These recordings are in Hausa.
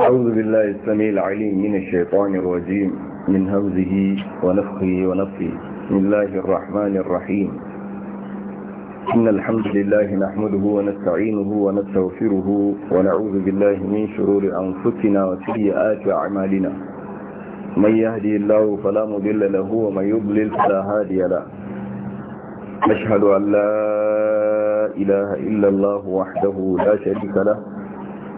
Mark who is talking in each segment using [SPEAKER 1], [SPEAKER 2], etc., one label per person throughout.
[SPEAKER 1] أعوذ بالله السميع العليم من الشيطان الرجيم من همزه ونفخه ونفخه بسم الله الرحمن الرحيم إن الحمد لله نحمده ونستعينه ونستغفره ونعوذ بالله من شرور أنفسنا وسيئات أعمالنا من يهدي الله فلا مضل له ومن يضلل فلا هادي له أشهد أن لا إله إلا الله وحده لا شريك له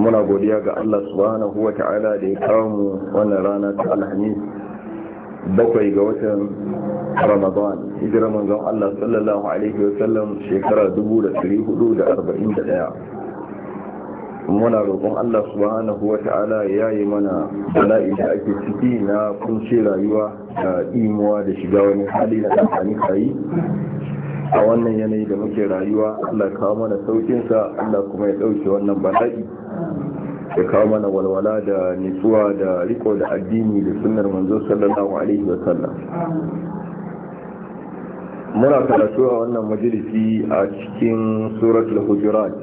[SPEAKER 1] muna godiya ga Allah subhanahu wa ta'ala da ya kawo mu wannan rana ta alhamis bakwai ga watan ramadan hijira manzon Allah sallallahu alaihi wa sallam shekara 1441 muna roƙon Allah subhanahu wa ta'ala ya yi mana bala'i da ake ciki na kunshe rayuwa da imuwa da shiga wani hali na tsakanin kayi a wannan yanayi da muke rayuwa Allah kawo mana saukinsa Allah kuma ya ɗauke wannan bala'i ya kawo mana walwala da nitsuwa da riko da addini da sunnar manzo sallallahu alaihi wa sallam
[SPEAKER 2] muna karatu
[SPEAKER 1] a wannan majalisi a cikin suratul hujurat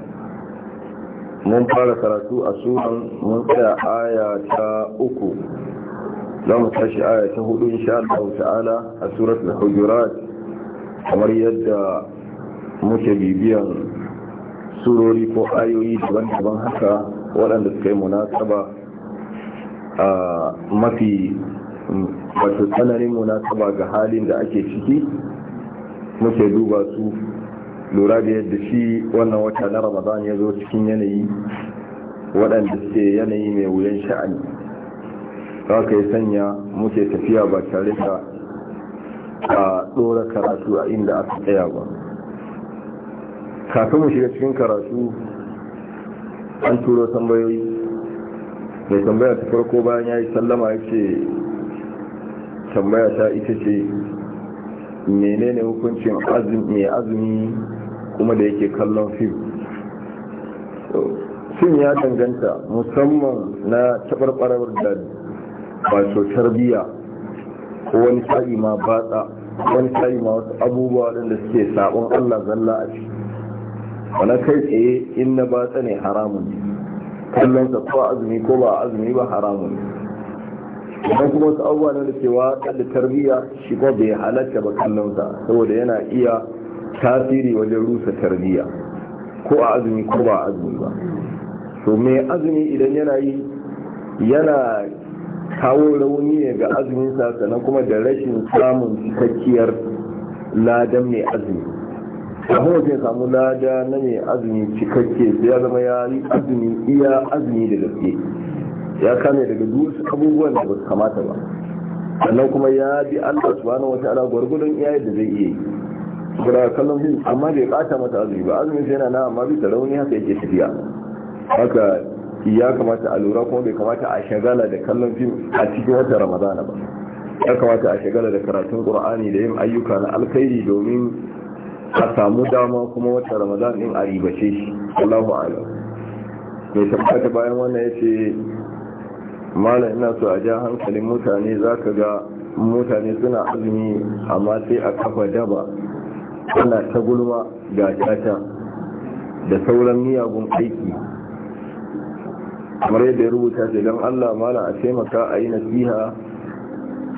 [SPEAKER 1] mun fara karatu a suran mun tsaya aya ta uku za mu tashi aya ta hudu insha Allah ta'ala a suratul hujurat kamar yadda muke bibiyan surori ko ayoyi daban-daban haka waɗanda suka yi munasaba a mafi mm, wato tsananin munasaba ga halin da ake ciki muke duba su lura da yadda shi wannan wata na ramadan ya zo cikin yanayi waɗanda suke yanayi mai wuyan sha'ani ka yi sanya muke tafiya ba tare da a dora karatu a inda aka tsaya ba kafin mu shiga cikin karatu an turo tambayoyi mai tambaya ta farko bayan ya yi sallama ya ce tambaya ta ita ce menene hukuncin mai azumi kuma da yake kallon fim fim ya danganta musamman na tabarbarar da wato tarbiyya ko wani sa'i ma batsa wani sa'i ma wasu abubuwa waɗanda suke sabon Allah zalla a ciki wani kai tsaye in na batsa ne haramun kallon ko azumi ko ba azumi ba haramun idan kuma wasu abubuwa ne da ke wa da tarbiyya shi ko bai halatta ba kallon sa saboda yana iya tasiri wajen rusa tarbiyya ko a azumi ko ba azumi ba to me azumi idan yana yi yana kawo rauni ne ga azumin sa sannan kuma da rashin samun cikakkiyar ladan mai azumi a kuma ya samu lada na mai azumi cikakke sai ya zama ya yi azumi iya azumi da gaske ya kame daga dusu abubuwan da ba su kamata ba sannan kuma ya bi Allah wata wataala gudun iyayen da zai iya yi kura kallon hin amma bai kata mata azumi ba azumin sai yana na amma bisa rauni haka yake tafiya haka ya kamata a lura kuma bai kamata a shagala da kallon fim a cikin wata ramadana ba ya kamata a shagala da karatun qur'ani da yin ayyuka na alkhairi domin a samu dama kuma wata Ramadana din a ribace shi Allahu a'lam mai tabbata bayan wannan yace malam ina so a ja hankalin mutane zaka ga mutane suna azumi amma sai a kafa daba ana ta gulma ga jata da sauran miyagun aiki kamar yadda ya rubuta ce don allah na a taimaka a yi nasiha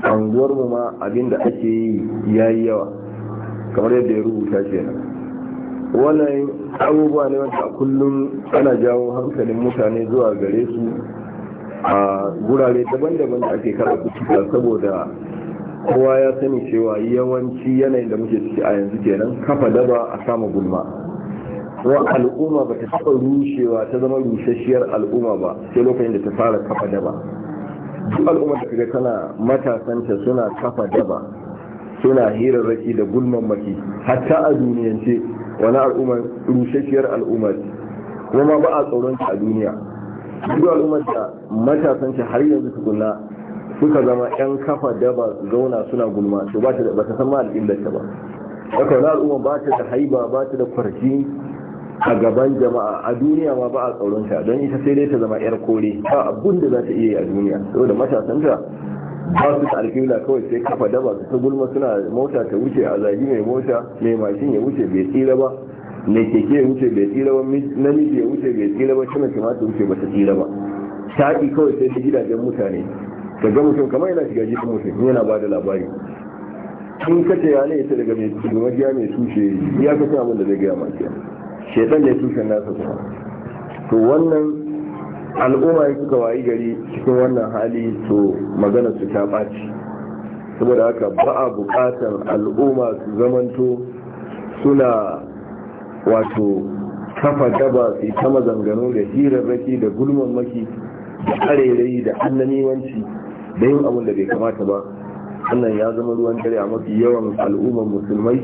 [SPEAKER 1] anguwar mu ma abinda ake yi ya yi yawa kamar yadda ya rubuta ce nan wannan abubuwa ne wanda a kullum ana jawo hankalin mutane zuwa gare su a gurare daban-daban da ake karɓa cuta saboda kowa ya sani cewa yawanci yanayin da muke ciki a yanzu kenan kafa daba a sama gulma wa al'umma ba ta taɓa rushewa ta zama rusasshiyar al'umma ba sai lokacin da ta fara kafa daba duk al'umma da kaga tana matasanta suna kafa daba suna hirarraki da gulman maki hatta a duniyance wani al'umma rusasshiyar al'umma kuma ba a tsoron ta a duniya duk al'ummar da matasanta har yanzu tukuna suka zama yan kafa daba zauna suna gulma to ba ta san ma al'illar ta ba haka wani al'umma ba ta da haiba ba ta da kwarji a gaban jama'a a duniya ma ba a tsoron ta don ita sai dai ta zama yar kore ba abun da za ta iya yi a duniya saboda ta ba su ta alfila kawai sai kafa daba ta gulma suna mota ta wuce a zagi mai mota mai mashin ya wuce bai tsira ba mai keke ya wuce bai tsira ba namiji ya wuce bai tsira ba shi mace ta wuce ba ta tsira ba shaƙi kawai sai ta gidajen mutane ga mutum kamar yana shiga jikin mutum yana ba da labari in kace ya ne ita daga mai shugaban ya mai tushe ya kace abin da zai gaya makiya da ne tushen nasa kuma to wannan al'umma ya suka wayi gari cikin wannan hali to magana su ta ɓaci saboda haka ba a buƙatar al'umma su zamanto suna wato kafa gaba su yi ta mazangano da hirarraki da gulman maki da ƙarerai da annaniwanci da yin abin da bai kamata ba wannan ya zama ruwan dare a mafi yawan al'umman musulmai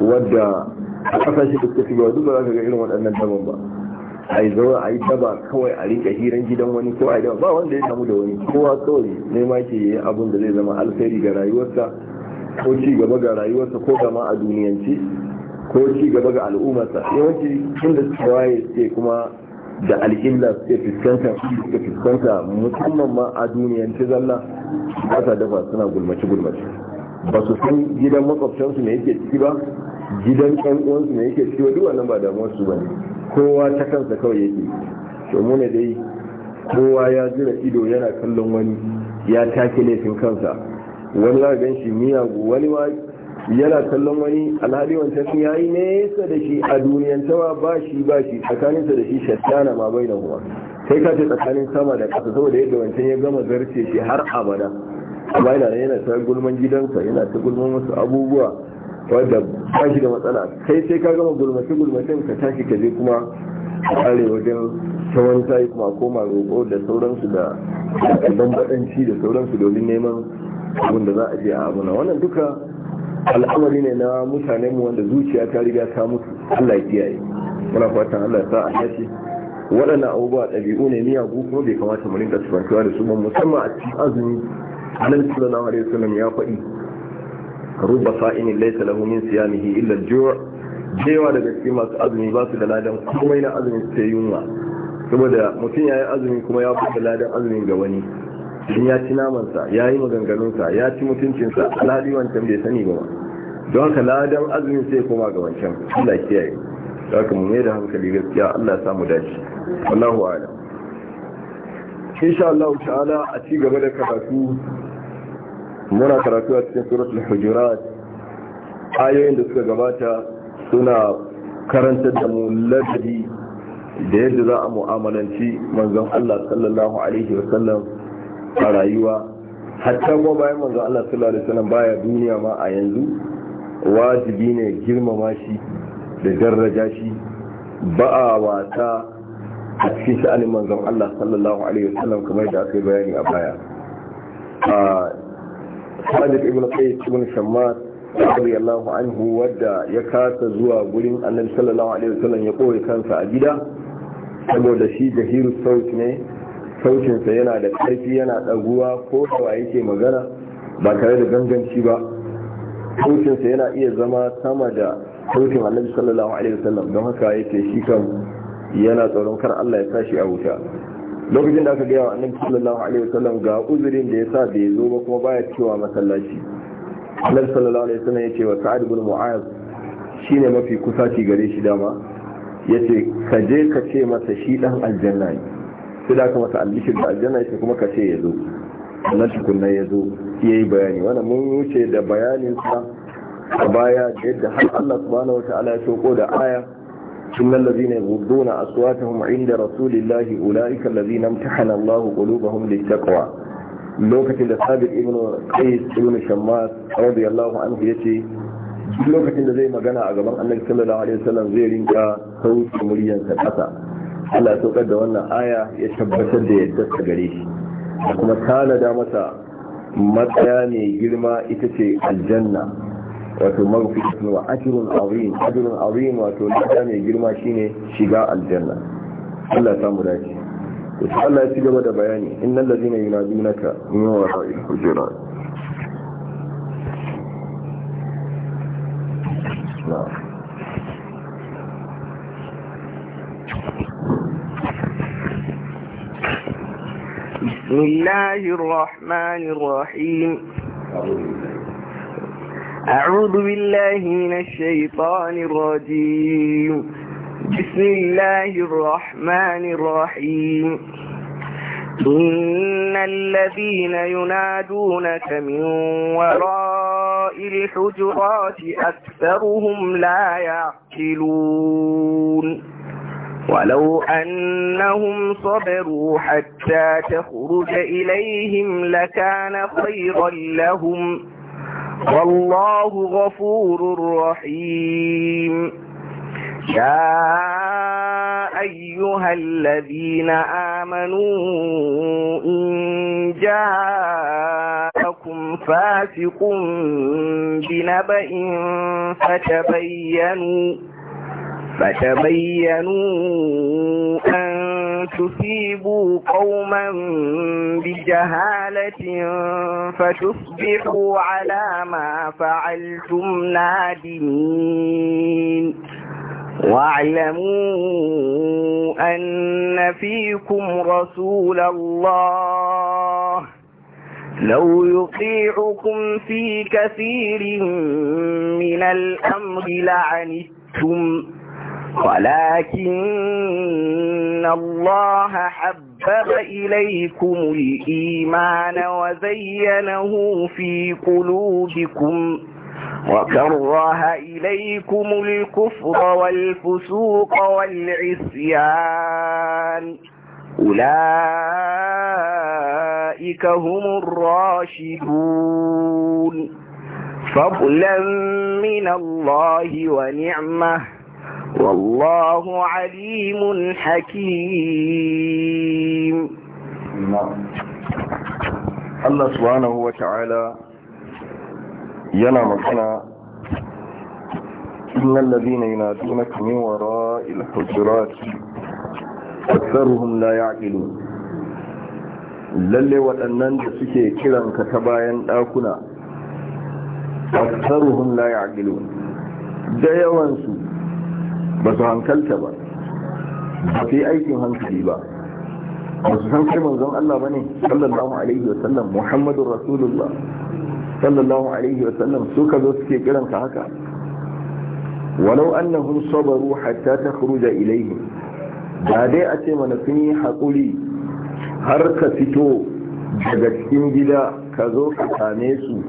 [SPEAKER 1] wadda a kasashe da suka shiga duk ba za ka ga irin waɗannan daban ba a yi a yi daba kawai a rika hiran gidan wani ko a yi daba ba wanda ya samu da wani kowa kawai nema ke yi abin da zai zama alkhairi ga rayuwarsa ko ci gaba ga rayuwarsa ko gama a duniyance ko ci gaba ga al'ummarsa yawanci inda suka waye suke kuma da alƙilla suke fuskanta suke fuskanta musamman ma a duniyance zalla ba sa dafa suna gulmace gulmace ba su san gidan makwabtansu me yake ciki ba gidan ɗan uwansu ne yake cewa duk wannan ba da su ba kowa ta kansa kawai yake to mu dai kowa ya jira ido yana kallon wani ya take laifin kansa wani za gan shi miyagu wani ma yana kallon wani alhali wancan sun yayi nesa da shi a duniyan tawa ba shi ba shi tsakaninsa da shi shaddana ma bai da kuma sai ka ce tsakanin sama da ƙasa saboda yadda wancan ya gama zarce shi har abada amma yana yana ta gulman gidansa yana ta gulman wasu abubuwa wadda ba shi da matsala kai sai ka gama gulmace gulmace ka tashi ka je kuma kare wajen tsawon tayi kuma koma roƙo da sauransu da ɗan baɗanci da sauransu domin neman abin da za a je a abuna wannan duka al'amari ne na mutane mu wanda zuciya ta riga ta mutu Allah ya kiyaye muna fatan Allah ya sa a yace waɗannan abubuwa ɗabi'u ne miyagu kuma bai kamata mu rinka tubantuwa da su ba musamman a cikin azumi annabi sallallahu alaihi wasallam ya faɗi ruba sa'in laysa lahu min siyamihi illa al-ju' jewa daga cikin masu azumi ba su da ladan komai na azumin sai yunwa saboda mutum yayi azumi kuma ya fita ladan azumin ga wani in ya ci namansa ya yi maganganunsa ya ci mutuncinsa alhali wancan bai sani ba don haka ladan azumin sai koma ga wancan Allah kiyaye don haka mu mai da hankali gaskiya Allah ya samu dace wallahu a'lam insha Allah ta'ala a ci gaba da karatu muna karatu a cikin suratul hujurat ayoyin da suka gabata suna karantar da mu ladabi da yadda za a mu'amalanci manzon Allah sallallahu alaihi wa sallam, a rayuwa hatta kuma bayan manzon Allah sallallahu alaihi wa sallam baya duniya ma a yanzu wajibi ne girmama shi da daraja shi ba a wata a cikin sha'anin manzon Allah sallallahu alaihi wa sallam kamar da aka yi bayani a baya ah, Khalid ibn Qais ibn Shammat radiyallahu anhu wadda ya kasa zuwa gurin Annabi sallallahu alaihi wasallam ya koyi kansa a gida saboda shi jahiru sauti ne sautinsa yana da ƙarfi yana ɗaguwa ko hawa yake magana ba tare da ganganci ba sautinsa yana iya zama sama da sautin Annabi sallallahu alaihi wasallam don haka yake shi kan yana tsoron kar Allah ya tashi a wuta lokacin da aka gaya wa annabi sallallahu alaihi wasallam ga uzurin da yasa bai zo ba kuma baya cewa masallaci annabi sallallahu alaihi wasallam ya ce wa sa'ad ibn mu'az shine mafi kusaci gare shi dama yace ka je ka ce masa shi dan aljanna ne sai da aka masa albishir da aljanna yace kuma ka ce ya zo annan tukunna ya zo yayi bayani wannan mun wuce da bayanin sa a baya da yadda har Allah subhanahu wataala ya soko da aya إن الذين يغضون أصواتهم عند رسول الله أولئك الذين امتحن الله قلوبهم للتقوى lokacin da sabit ibn qais ibn shammas radiyallahu anhu yace lokacin da zai magana a gaban annabi sallallahu alaihi wasallam zai rinka sauki muryar sa kasa Allah saukar da wannan aya ya tabbatar da yadda ta gare shi kuma tana masa matsaya ne girma ita ce aljanna wato maghfiratun wa ajrun azim ajrun azim wato lada mai girma shine shiga aljanna Allah ya samu dace Allah ya ci gaba da bayani innal ladina yunadunaka min wara'i hujurat
[SPEAKER 2] Love. بسم
[SPEAKER 3] الله الرحمن الرحيم أعوذ بالله من الشيطان الرجيم بسم الله الرحمن الرحيم إن الذين ينادونك من وراء الحجرات أكثرهم لا يعقلون ولو أنهم صبروا حتى تخرج إليهم لكان خيرا لهم والله غفور رحيم يا أيها الذين آمنوا إن جاءكم فاسق بنبأ فتبينوا فتبينوا أن تصيبوا قوما بجهالة فتصبحوا على ما فعلتم نادمين واعلموا أن فيكم رسول الله لو يطيعكم في كثير من الأمر لعنتم ولكن الله حبب إليكم الإيمان وزينه في قلوبكم
[SPEAKER 2] وكره
[SPEAKER 3] إليكم الكفر والفسوق والعصيان أولئك هم الراشدون فضلا من الله ونعمه
[SPEAKER 2] والله
[SPEAKER 3] عليم حكيم
[SPEAKER 1] الله سبحانه وتعالى ينام هنا إن الذين ينادونك من وراء الحجرات أكثرهم لا يعقلون للي وأنن جسكي كلا كتباين أكنا أكثرهم لا يعقلون دايوانسو ba su hankalta ba ba su yi aikin hankali ba ba su san kai manzon Allah ba ne sallallahu alaihi wa sallam Muhammadu rasulullah sallallahu alaihi wa sallam su ka zo suke kiranka haka walau annahum sabaru hatta takhruja ilayhi da dai a ce mana sun yi haƙuri har ka fito daga cikin gida ka zo ka same su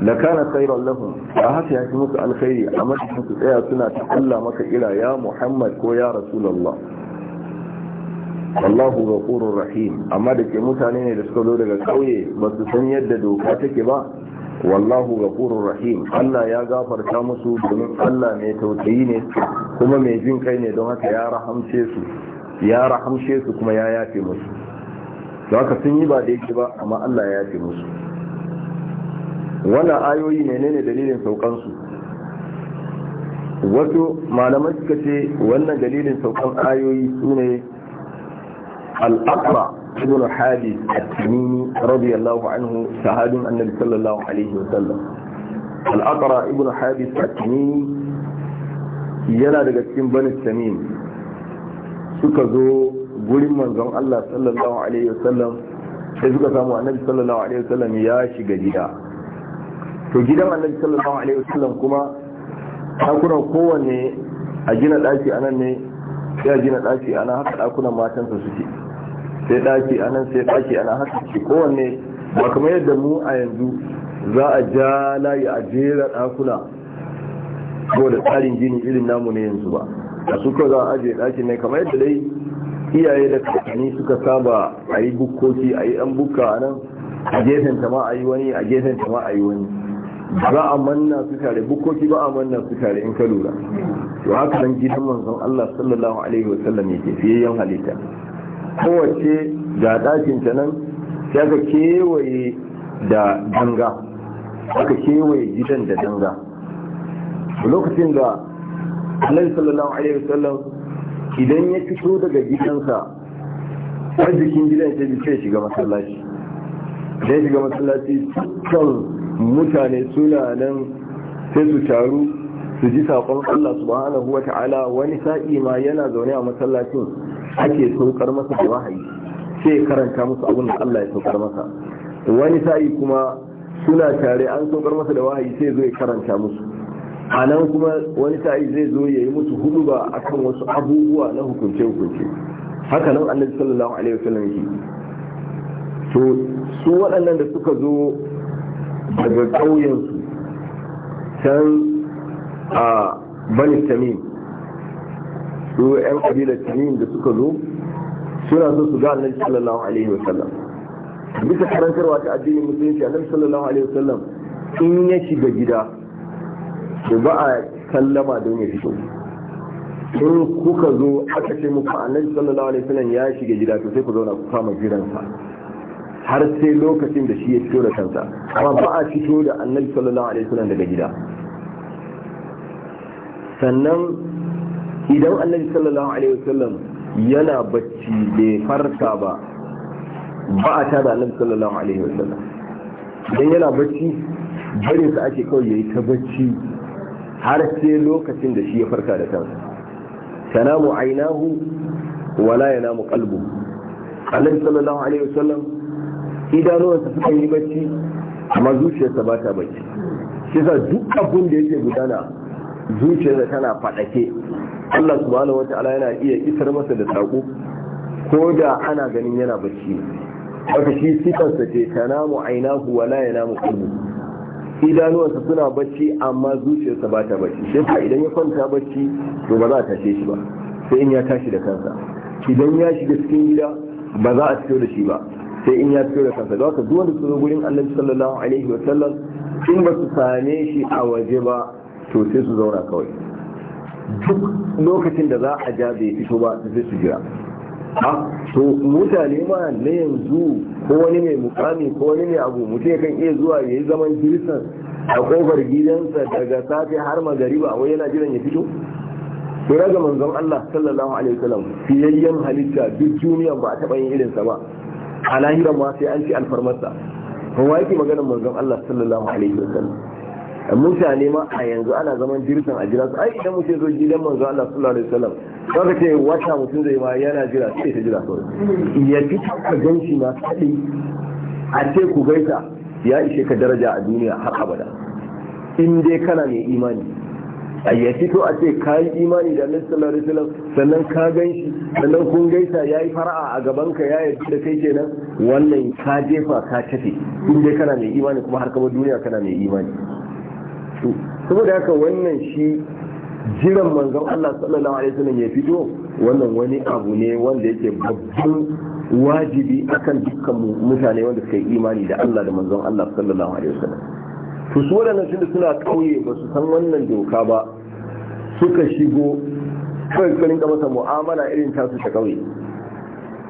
[SPEAKER 1] la kana khairan lahum a haka ya fi musu alkhairi a madadin su tsaya suna ta Allah maka ila ya Muhammad ko ya Rasulullah Allahu ghafurur rahim amma da ke mutane ne da suka zo daga kauye ba su san yadda doka take ba wallahu ghafurur rahim Allah ya gafarta musu domin Allah mai tausayi ne kuma mai jin kai ne don haka ya rahamce su ya rahamce su kuma ya yafe musu don haka sun yi ba da yake ba amma Allah ya yafe musu wannan ayoyi menene dalilin saukansu wato malamai suka ce wannan dalilin saukan ayoyi su ne al'abba ibn hadi at-tamimi radiyallahu anhu sahabin annabi sallallahu alaihi wa sallam al'aqra ibn hadi at-tamimi yana daga cikin bani tamim suka zo gurin manzon Allah sallallahu alaihi wa sallam sai suka samu annabi sallallahu alaihi wa sallam ya shiga gida to gidan annabi sallallahu alaihi wasallam kuma dakunan kowanne a gina daki anan ne sai a gina daki anan haka dakunan matansa suke sai daki anan sai daki anan haka suke kowanne ba kamar yadda mu a yanzu za a ja layi a jera dakuna ko da tsarin gini irin namu ne yanzu ba da su za a ajiye daki ne kamar yadda dai iyaye da kakanni suka saba a yi bukkoki a yi an bukka a nan a gefen ta ma a yi wani a gefen ta ma a yi wani ba a manna su tare bukoki ba a manna su tare in ka lura
[SPEAKER 2] to haka nan gidan
[SPEAKER 1] manzon Allah sallallahu alaihi wa sallam yake fiyayyen halitta kowace ga dakin ta nan sai ka kewaye da danga aka kewaye gidan da danga lokacin da Allah sallallahu alaihi wa sallam idan ya fito daga gidansa har jikin gidan sai ya shiga masallaci sai shiga masallaci dukkan mutane suna nan sai su taru su ji saƙon Allah subhanahu wa ta'ala wani sa'i ma yana zaune a masallacin ake saukar masa da wahayi sai karanta musu abin da Allah ya saukar masa wani sa'i kuma suna tare an saukar masa da wahayi sai zo ya karanta musu a nan kuma wani sa'i zai zo ya yi musu huduba akan wasu abubuwa na hukunce hukunce haka nan annabi sallallahu alaihi wasallam yake to su waɗannan da suka zo daga ƙauyensu can a bani tamim su 'yan ƙabilar tamim da suka zo suna so su ga annabi sallallahu alaihi sallam bisa karantarwa ta addinin musulunci annabi sallallahu alaihi sallam, in ya shiga gida to ba a sallama don ya fito in kuka zo aka ce muku annabi sallallahu alaihi sallam ya shiga gida to sai ku zauna ku kama jiransa har sai lokacin da shi ya fito da kansa amma ba a fito da annabi sallallahu alaihi wasallam daga gida sannan idan annabi sallallahu alaihi wasallam yana bacci bai farka ba ba a tada annabi sallallahu alaihi wasallam idan yana bacci bari sa ake kawai yayi ta bacci har sai lokacin da shi ya farka da kansa tanamu ainahu wala yanamu qalbu annabi sallallahu alaihi wasallam idanuwansa suka yi bacci amma zuciyarsa ba ta bacci shi sa duk abin da yake gudana zuciyarsa tana faɗake Allah subhanahu ta'ala yana iya isar masa da saƙo ko da ana ganin yana bacci haka shi sifarsa ce ta namu ainahu wa la yanamu qalbu idanuwansa suna bacci amma zuciyarsa ba ta bacci shi sa idan ya kwanta bacci to ba za a tashe shi ba sai in ya tashi da kansa idan ya shiga cikin gida ba za a fito da shi ba sai in ya fito da kansa da haka duwanda su zo gurin annabi sallallahu alaihi wa sallam in ba su same shi a waje ba to sai su zauna kawai duk lokacin da za a ja bai fito ba sai su jira to mutane ma na yanzu ko wani mai mukami ko wani mai abu mutum kan iya zuwa ya yi zaman jirisan a kofar gidansa daga safe har magariba wai yana jiran ya fito to raga manzon Allah sallallahu alaihi wasallam fiyayyen halitta duk duniya ba a taɓa yin irinsa ba a lahiran ma sai an ci alfarmarsa kuma yake maganar manzon Allah sallallahu alaihi wasallam mutane ma a yanzu ana zaman jirgin a jira ai idan mutum zo gidan manzon Allah sallallahu alaihi wasallam kaga ce wata mutum zai ma yana jira sai ta jira kawai ya fi ka ganshi ma kadai a ce ku gaita ya ishe ka daraja a duniya har abada in dai kana mai imani a ya fito a ce ka yi imani da annabi sallallahu alaihi wasallam sannan ka gan sannan kun gaisa ya yi fara'a a gaban ka ya yarda da kai kenan wannan ka jefa ka tafi in dai kana mai imani kuma har kama duniya kana mai imani saboda haka wannan shi jiran manzon Allah sallallahu alaihi wasallam ya fito wannan wani abu ne wanda yake babban wajibi akan dukkan mutane wanda suka yi imani da Allah da manzon Allah sallallahu alaihi wasallam su su waɗannan da suna ƙauye ba su san wannan doka ba suka shigo kawai suka masa mu'amala irin tasu ta ƙauye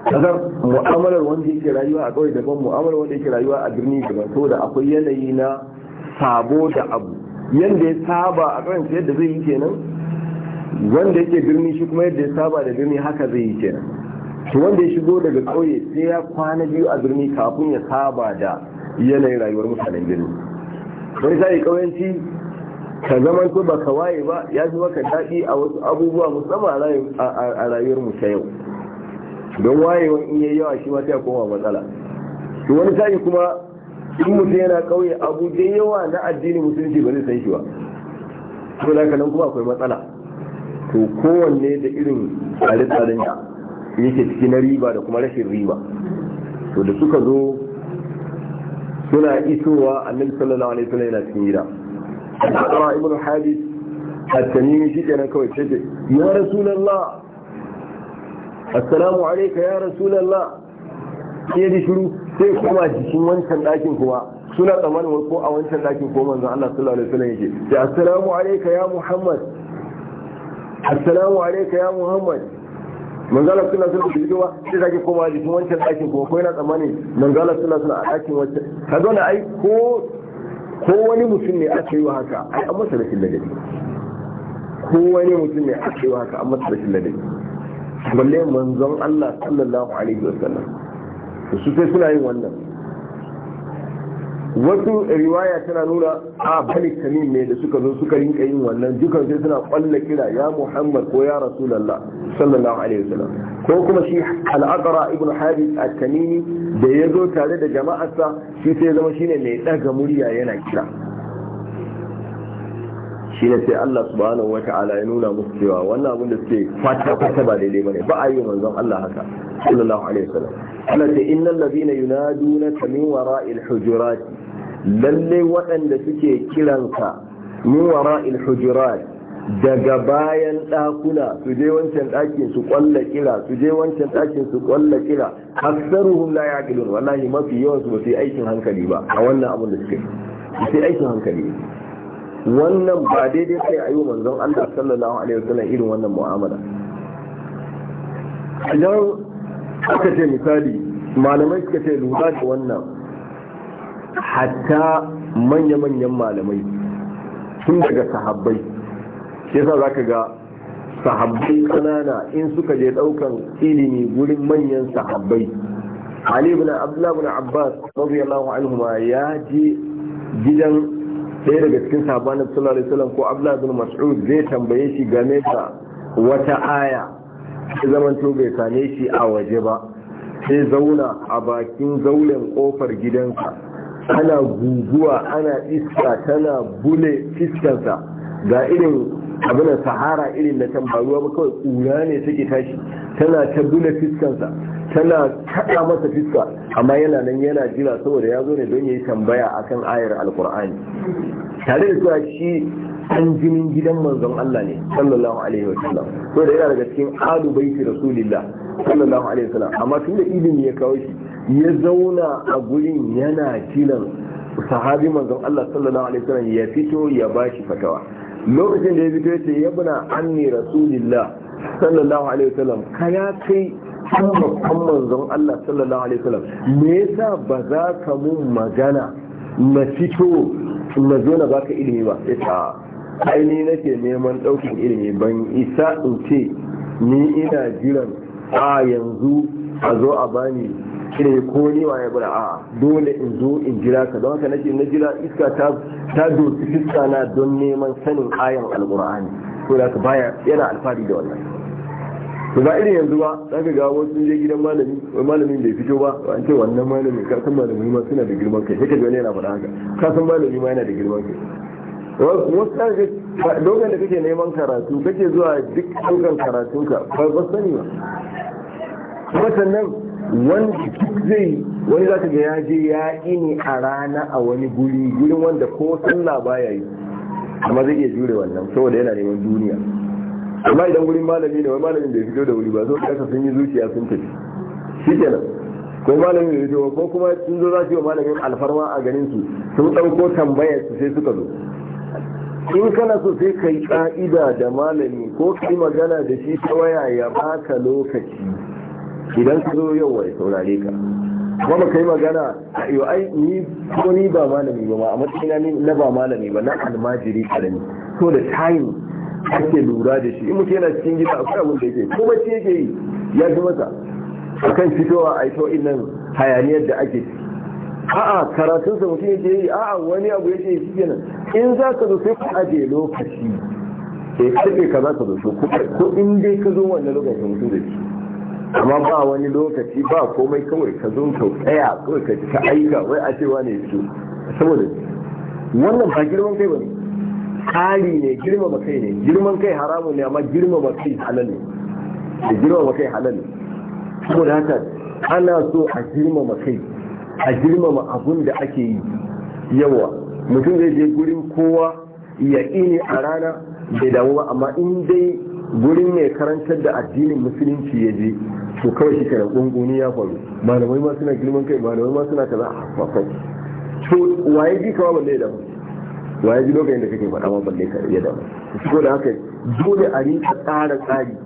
[SPEAKER 1] kasar mu'amalar wanda yake rayuwa a ƙauye daban mu'amalar wanda yake rayuwa a birni daban saboda akwai yanayi na sabo da abu Yadda ya saba a su yadda zai yi kenan wanda yake birni shi kuma yadda ya saba da birni haka zai yi kenan to wanda ya shigo daga ƙauye sai ya kwana biyu a birni kafin ya saba da yanayin rayuwar mutanen birni wani sai kauyanci ka zaman to ba ka waye ba ya zuwa ka daɗi a wasu abubuwa musamman a rayuwar mu ta yau don wayewan in yayi yawa shi ma sai koma matsala to wani sai kuma in mutum yana kauye abu da yawa na addini musulunci ba zai san shi ba to da nan kuma akwai matsala to kowanne da irin tsare-tsaren yake cikin riba da kuma rashin riba to da suka zo suna isowa annabi sallallahu alaihi wasallam yana cikin gida Abdullah ibn Hadid at-Tamimi shi kenan kawai ce ya Rasulullah assalamu alayka ya Rasulullah sai da shiru sai kuma cikin wancan ɗakin kuma suna tsammanin ko a wancan ɗakin ko manzon Allah sallallahu alaihi wasallam yake ya assalamu alayka ya Muhammad assalamu alayka ya Muhammad manzala suna suna da fitowa sai zaki koma jikin wancan ɗakin kuma ko yana tsammani manzala suna suna a ɗakin wancan ka zauna ai ko ko wani mutum ne aka yi wa haka ai an masa rashin ladabi ko wani mutum ne aka yi wa haka an masa rashin ladabi balle manzon Allah sallallahu alaihi wasallam su sai suna yin wannan wasu riwaya tana nuna a bani tamim ne da suka zo suka rinka yin wannan dukan sai suna kwalla kira ya muhammad ko ya rasulallah sallallahu alaihi wasallam ko kuma shi al'aqra ibn habib at-tamimi da ya zo tare da jama'arsa shi sai ya zama shine mai daga murya yana kira shi shine sai Allah subhanahu wata'ala ya nuna musu cewa wannan abin da suke fata fata ba daidai bane ba a yi manzon Allah haka sallallahu alaihi wasallam Allah ce innal ladina yunaduna min wara'il hujurati lalle waɗanda suke kiranka min wara hujurat daga bayan ɗakuna su je wancan ɗakin su ƙwalla kira su je wancan ɗakin su ƙwalla kira aksaruhum la yaqilun wallahi mafi yawan su ba su yi aikin hankali ba a wannan abin da suke ba su yi aikin hankali wannan ba daidai sai a yi wa manzon Allah sallallahu alaihi wasallam irin wannan mu'amala idan aka ce misali malamai suka ce lura da wannan hatta manya-manyan malamai tun daga sahabbai shi yasa za ka ga sahabbai kanana in suka je ɗaukan ilimi gurin manyan sahabbai ali ibn abdullah ibn abbas radiyallahu anhu ma ya je gidan ɗaya daga cikin sahabban nabi sallallahu alaihi wasallam ko abdullah ibn mas'ud zai tambaye shi game da wata aya sai zamanto bai same shi a waje ba sai zauna a bakin zaulen kofar gidansa ana guguwa ana iska tana bule fiskarsa ga irin abin da sahara irin na can ba ba kawai ƙura ne take tashi tana ta bule fiskarsa tana kaɗa masa fiska amma yana nan yana jira saboda ya zo ne don ya yi tambaya akan ayar alkur'ani tare da cewa shi an jinin gidan manzon Allah ne sallallahu alaihi wa sallam saboda yana daga cikin adu baiti rasulillah sallallahu alaihi wa sallam amma tun da ilimi ya kawo shi ya zauna a gurin yana kiran sahabi manzon Allah sallallahu alaihi wasallam ya fito ya bashi fatawa lokacin da ya fito yace yabna anni rasulillah sallallahu alaihi wasallam kaya kai kan manzon Allah sallallahu alaihi wasallam me yasa ba za ka mun magana na fito na zo na baka ilimi ba yace aini nake neman ɗaukin ilimi ban isa in ce ni ina jiran a yanzu a zo a bani shi ko ni waye bura a dole in zo in jira ka don haka nake na jira iska ta ta doki fiska na don neman sanin ayan alqur'ani ko da baya yana alfadi da wannan to ba irin yanzu ba za ga wasu je gidan malami wai malamin bai fito ba an ce wannan malami ka san malami ma suna da girman kai sai ka wani yana faɗa haka ka san malami ma yana da girman kai wasu dogon da kake neman karatu kake zuwa duk ɗaukan karatunka ba sani ba kuma wanda duk zai wani ka ga ya je ya ini a rana a wani guri gurin wanda ko sallah baya yi amma zai iya jure wannan saboda yana neman duniya amma idan gurin malami ne wani malamin ya fito da wuri ba zo kasa sun yi zuciya sun tafi shi kenan ko malamin bai fito ko kuma sun zo za su yi wa malamin alfarma a ganin su sun ɗauko tambayar su sai suka zo in kana so sai kai ka'ida da malami ko kai magana da shi ta waya ya baka lokaci idan ka zo yau wai saurare ka kuma ba kai magana a iyo ai ni ko ni ba malami ba ma a na ni na ba malami ba na almajiri karami to da time ake lura da shi in mutum yana cikin gida akwai abin da yake ko bacci yake yi ya ji masa akan fitowa a ito nan hayaniyar da ake ciki a'a karatunsa mutum yake yi a'a wani abu yake yi shi kenan in za ka zo sai ku aje lokaci sai karfe ka za ka zo ko in dai ka zo wannan lokacin mutum da shi amma ba wani lokaci ba komai kawai ka zo ka tsaya kawai ka aika wai a cewa ne su saboda wannan ba girman kai ba ne tsari ne girmama kai ne girman kai haramu ne amma girmama kai halal ne da girmama kai halal ne saboda haka ana so a girmama kai a girmama abun da ake yi yawa mutum zai je gurin kowa ya ne a rana bai damu ba amma in dai gurin mai karantar da addinin musulunci ya je to kawai shi kenan gunguni ya faru malamai ma suna girman kai malamai ma suna kaza ah, a kai to waye ji kawai balle da waye ji lokacin da kake faɗa ma balle ka iya da ko da haka dole a rinka tsara tsari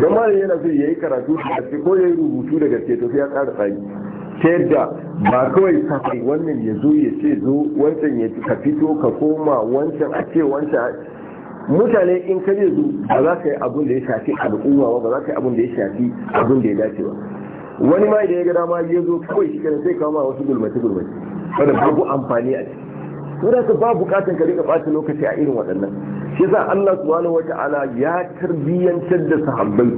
[SPEAKER 1] don malam yana so yayi karatu da gaske ko yayi rubutu da gaske to sai ya tsara tsari ta yadda ba kawai safai wannan ya zo ya ce zo wancan ya ka fito ka koma wancan a ce wancan mutane in ka ne su ba za ka yi abin da ya shafi al'umma ba za ka yi abin da ya shafi abin da ya dace ba wani ma idan ya ga dama ya zo kawai shi kenan sai kama wasu gulmace gulmace wanda babu amfani a ciki saboda ka ba bukatan ka rika ɓata lokaci a irin waɗannan shi yasa Allah subhanahu wata'ala ya tarbiyyantar da sahabbai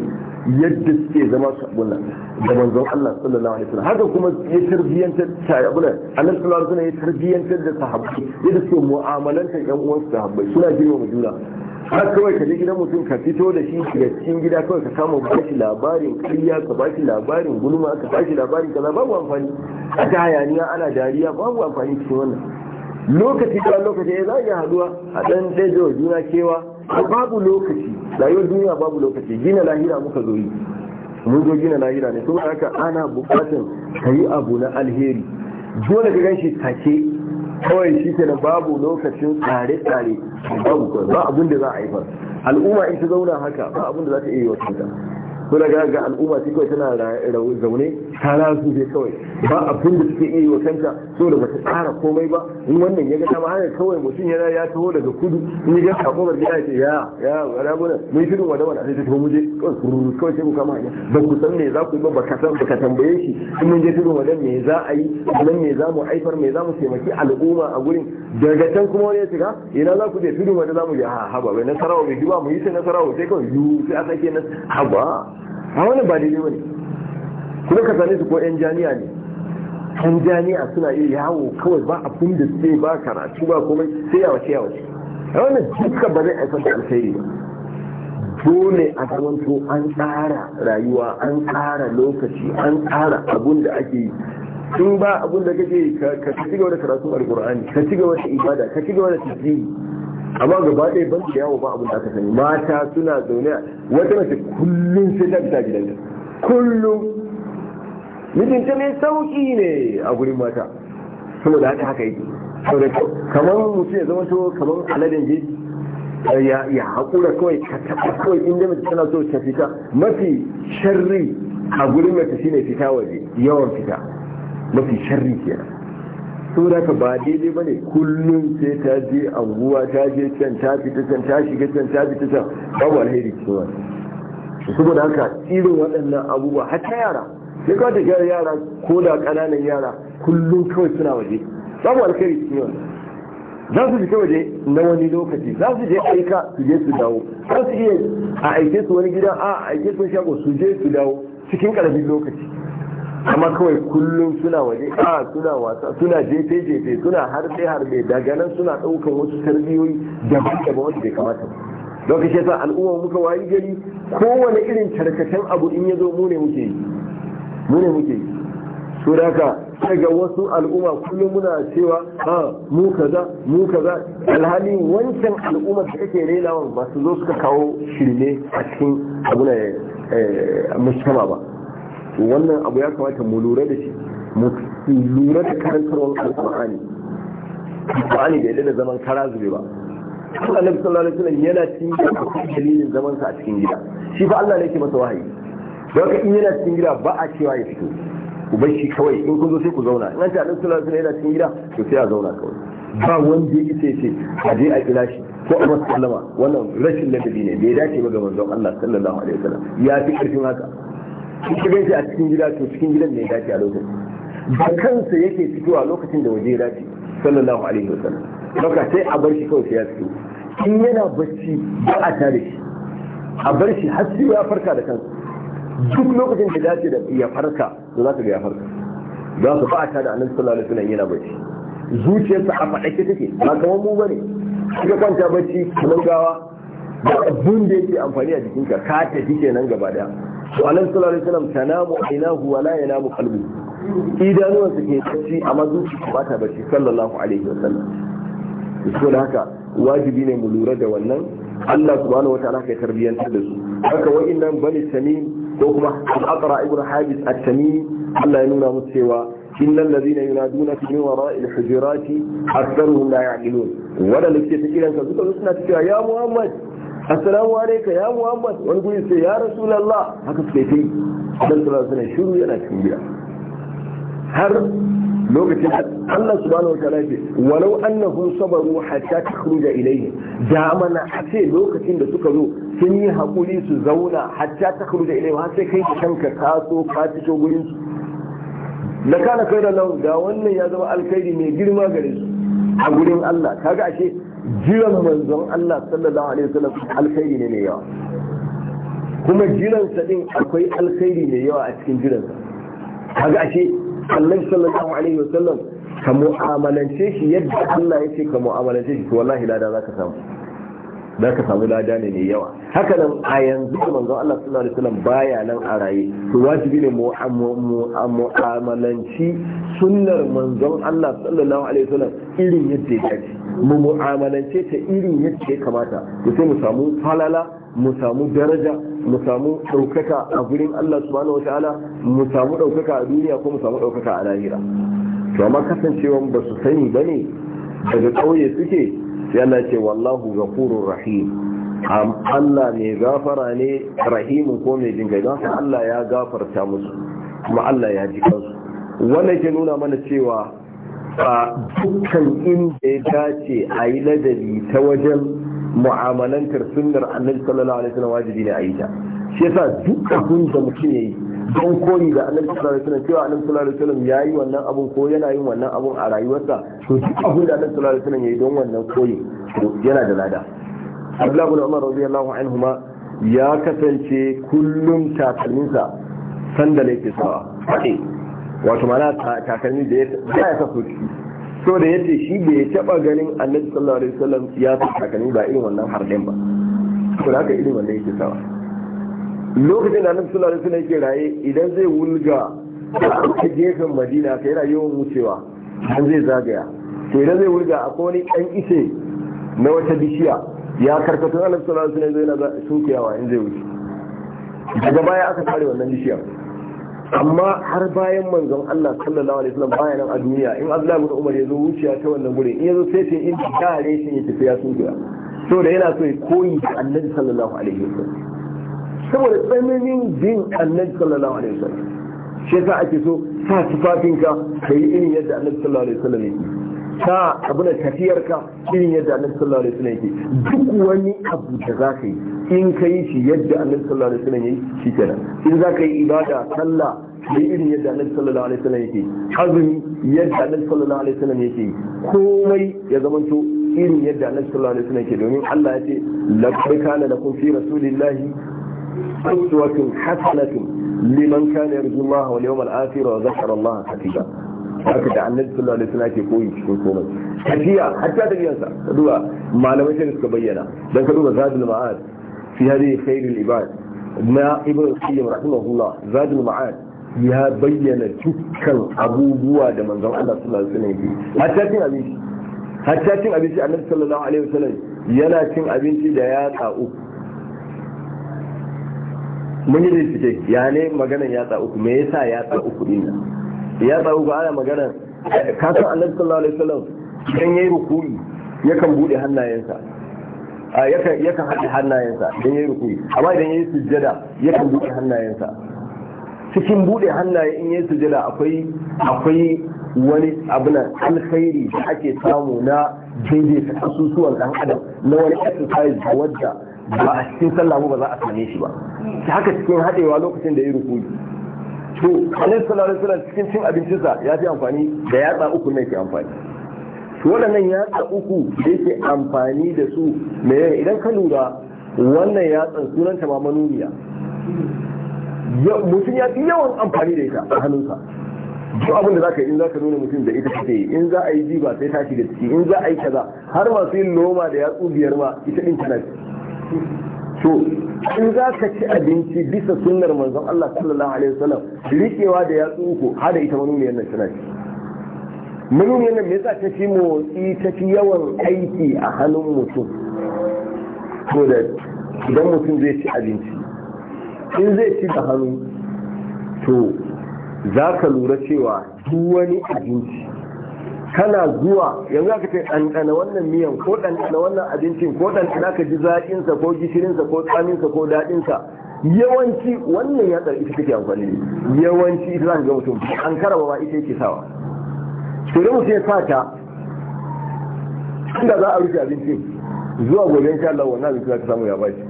[SPEAKER 1] yadda suke zama su abuna da manzon Allah sallallahu alaihi wasallam haka kuma ya tarbiyantar ta abuna annabi sallallahu alaihi wasallam ya tarbiyantar da sahabbai yadda suke mu'amalanta ƴan uwansu sahabbai suna girmama juna har kawai ka je gidan mutum ka fito da shi daga cikin gida kawai ka kama ba shi labarin kariya ka ba shi labarin gulma ka ba shi labarin kaza babu amfani a ta hayaniya ana dariya babu amfani cikin wannan lokaci da lokaci eh, ya zai haduwa a ɗan ɗajo juna kewa babu lokaci rayuwar duniya babu lokaci gina lahira muka zo yi mun zo gina lahira ne Kuma haka ana bukatan ka yi abu na alheri dole ka gan shi take kawai shi kenan babu lokacin tsare-tsare babu ba abin da za a haifar al'umma in ta zauna haka ba abin da za ta iya yi wa ko daga ga al'umma ce kawai tana zaune ta lasu ce kawai ba abin da suke iya wa kanta so da bata tsara komai ba in wannan ya ga ta haka kawai mutum yana ya taho daga kudu in ga sako barki ya ce ya ya wala gona mun shirin da wala sai ta taho muje kawai kawai sai ku kama ne ba ku san me za ku yi ba ka san ba ka tambaye shi in mun je tudun wadan me za a yi nan me za mu aifar me za mu taimaki al'umma a gurin daga can kuma wani ya shiga ina za ku je tudun wada za mu je ha ah, ha ba bai nasarawa bai ji ba mu yi sai nasarawa sai kawai yu sai aka ke nasarawa a wani ba daidai wani kuma ka zane su ko yan jami'a ne yan jami'a suna iya yawo kawai ba abin da suke ba karatu ba komai sai yawa sai yawa a wannan duka ba zai aikata alkhairi ba dole a zamanto an tsara rayuwa an tsara lokaci an tsara abun da ake yi in ba abun da kake ka ci gaba da karatun alkur'ani ka ci gaba da ibada ka ci gaba da tasiri amma gaba ɗaya ban da yawo ba abin da aka sani mata suna zaune wata mace kullum sai ta fita gidanta kullum mijinta mai sauƙi ne a gurin mata saboda haka haka yake saboda kamar mutum ya zama to kamar aladen ji ya haƙura kawai ka taɓa kawai inda mace tana so ta fita mafi sharri a gurin mace shine fita waje yawan fita mafi sharri kenan sau da ka ba daidai ba ne kullum sai ta je anguwa ta je can ta fita can ta shiga can ta fita can babu alheri cikin wani saboda haka irin waɗannan abubuwa har ta yara sai kawai ta yara ko da ƙananan yara kullum kawai suna waje babu alheri cikin wani za su fita waje na wani lokaci za su je aika su je su dawo za su iya a aike su wani gida a aike su shago su je su dawo cikin ƙaramin lokaci amma kawai kullum suna waje a suna wasa suna jefe jefe suna harbe harbe daga nan suna ɗaukan wasu tarbiyoyi daban daban wanda bai kamata lokacin yasa al'umma muka wayi gari kowane irin tarkacen abu in ya zo mu ne muke yi mu ne muke yi so daga daga wasu al'umma kullum muna cewa ha mu kaza mu kaza alhali wancan al'umma da kake relawan ba su zo suka kawo shirme a cikin abu na eh, mushkama ba to wannan abu ya kamata mu lura da shi mu lura da karantarwar alƙur'ani alƙur'ani bai da zaman kara zube ba Allah Nabi sallallahu alaihi wasallam yana cin gida dalilin zaman sa a cikin gida shi fa Allah ne yake masa wahayi don ka in yana cikin gida ba a cewa ya fito ku bar shi kawai in kun zo sai ku zauna in an ce Annabi sallallahu alaihi wasallam yana cikin gida to sai a zauna kawai ba wanda ya ce ce a je a kira shi ko a masa sallama wannan rashin ladabi ne bai dace ba ga manzon Allah sallallahu alaihi wasallam ya fi karfin haka in ka shi a cikin gida to cikin gidan ne ya dace a lokacin Ba kansa yake fitowa lokacin da waje ya dace sallallahu alaihi wasallam haka sai a bar shi kawai sai ya fito in yana bacci ba a tare shi a bar shi har sai ya farka da kansa duk lokacin da dace da ya farka to za ga ya farka za su ba a tare annabi sallallahu alaihi wasallam yana bacci zuciyarsa a faɗake take ba kamar mu bane kika kwanta bacci kamar gawa da abun da yake amfani a jikinka ka tafi kenan gaba daya to annabi sallallahu alaihi wasallam tanamu ainahu wa la yanamu qalbu idanuwansa ke tashi amma zuciya ba ta bacci sallallahu alaihi wasallam to da haka wajibi ne mu lura da wannan Allah subhanahu wataala kai tarbiyyantar da su haka wa'annan bani tamim ko kuma al-aqra ibn habis at-tamim Allah ya nuna musu cewa إن الذين ينادونك من وراء الحجرات أكثرهم لا يعقلون ولا لك تكيلا كذلك ya Muhammad. assalamu alaikum ya muhammad wani guri sai ya lalla haka suke kai dan sallallahu na shiru yana cikin har lokacin Allah subhanahu wataala ya ce walau annahum sabaru hatta takhruja ilayhi da mana a ce lokacin da suka zo sun yi hakuri su zauna hatta takhruja ilayhi har sai kai kanka ka so ka fito gurin Na da kana kai da lau da wannan ya zama alkhairi mai girma gare su a gurin Allah kaga ashe jiran manzon Allah sallallahu alaihi wasallam alkhairi ne mai yawa kuma sa din akwai alkhairi mai yawa a cikin jiransa kaga ashe Allah sallallahu alaihi wasallam ka mu'amalance shi yadda Allah ya ce ka mu'amalance shi to wallahi lada za ka samu za ka samu lada ne mai yawa haka nan a yanzu manzon Allah sallallahu alaihi wasallam baya nan a raye to wajibi ne mu mu'amalanci sunnar manzon Allah sallallahu alaihi wasallam irin yadda ya dace mu mu'amalance ta irin yadda ya kamata da sai mu samu falala mu samu daraja mu samu ɗaukaka a gurin Allah subhanahu wataala mu samu ɗaukaka a duniya ko mu samu ɗaukaka a lahira to amma kasancewa ba su sani ba ne daga ƙauye suke yana ce wallahu ghafurur rahim Allah ne gafara ne rahimin ko mai jin gaida Allah ya gafarta musu kuma Allah ya ji kansu wannan ke nuna mana cewa a dukkan inda ya dace a yi ladabi ta wajen mu'amalantar sunnar annabi sallallahu alaihi wasallam wajibi ne a yi ta shi yasa duk abin da mutum yayi don koyi da annabi sallallahu alaihi wasallam cewa annabi sallallahu alaihi wasallam yayi wannan abun ko yana yin wannan abun a rayuwarsa to duk abin da annabi sallallahu alaihi wasallam yayi don wannan koyi yana da lada Abdullah ibn Umar radiyallahu anhuma ya kasance kullum takalminsa sanda yake sawa wato mana takalmi da ya sa soki so da ce shi bai taba ganin annabi sallallahu alaihi wasallam ya sa takalmi ba irin wannan harden ba to da haka irin wannan yake sawa lokacin da annabi sallallahu alaihi wasallam yake raye idan zai wulga a gefen madina sai yana yawan wucewa har zai zagaya to idan zai wulga akwai wani dan ice na wata bishiya ya karkatun annabi sallallahu alaihi wasallam yana in zai wuce daga baya aka tare wannan bishiyar amma har bayan manzon Allah sallallahu alaihi wasallam bayan nan a duniya in Allah ya Umar ya zo wuciya ta wannan gure in ya zo sai sai in dare shi ya tafi ya sunkuya saboda yana so ya koyi da Annabi sallallahu alaihi wasallam saboda tsananin bin Annabi sallallahu alaihi wasallam shi yasa ake so sa tufafinka kai irin yadda Annabi sallallahu alaihi wasallam yake ta abu da tafiyarka irin yadda annabi sallallahu alaihi wasallam yake duk wani abu da za ka yi in ka yi shi yadda annabi sallallahu alaihi wasallam yake shi kenan in za ka yi ibada sallah yi irin yadda annabi sallallahu alaihi wasallam yake azumi yadda annabi sallallahu alaihi wasallam yake komai ya zamanto irin yadda annabi sallallahu alaihi wasallam yake domin Allah ya ce laqad kana lakum fi rasulillahi uswatun hasanatun liman kana yarju Allah wal yawmal akhir wa dhakara Allah haka da annabi sallallahu alaihi wasallam ke koyi cikin komai tafiya hatta tafiyansa ka duba malamai sai suka bayyana dan ka duba zadul ma'ad fi hadi khairul ibad na ibn qayyim rahimahullah zadul ma'ad ya bayyana dukkan abubuwa da manzon Allah sallallahu alaihi wasallam yake hatta cin abinci hatta cin abinci annabi sallallahu alaihi wasallam yana cin abinci da yatsa uku mun yi da ya ne maganan yatsa uku me yasa yatsa uku din nan ya tsawo ga ana magana ka san annabi sallallahu alaihi wasallam idan yayi ruku'i yakan bude hannayensa a yakan yakan haɗe hannayensa idan yayi rukuyi amma idan yayi sujjada yakan bude hannayensa cikin bude hannaye in yayi sujjada akwai akwai wani abu na alkhairi da ake samu na daidaita asusuwan dan adam na wani exercise wadda ba a cikin sallah ba za a same shi ba haka cikin haɗewa lokacin da ya rukuyi to annabi sallallahu alaihi wasallam cikin cin abincinsa ya fi amfani da yatsa uku ne ke amfani to waɗannan yatsa uku da yake amfani da su me idan ka lura wannan yatsan sunan ta manuniya mutum ya fi yawan amfani da ita a hannunsa duk abin da za ka yi in za ka nuna mutum da ita take yi in za a yi jiba sai tashi da ciki in za a yi kaza har masu yin noma da yatsu biyar ma ita din tana in za ka ci abinci bisa sunnar manzon Allah sallallahu alaihi wasallam rikewa da yatsu ko hada ita manuniyar nan tana ci manuniyar yannan me yasa ta fi motsi ta fi yawan aiki a hannun mutum to da idan mutum zai ci abinci in zai ci da hannu to za ka lura cewa duk wani abinci kana zuwa yanzu aka ce ɗanɗana wannan miyan ko ɗanɗana wannan abincin ko ɗanɗana ka ji zaƙinsa ko gishirinsa ko tsaminsa ko daɗinsa yawanci wannan ya tsar ita take amfani yawanci ita za ka ga mutum an karaba ba ita yake sawa to da mutum ya sa ta inda za a rufe abincin zuwa gobe sha Allah wannan abincin za ka samu ya bashi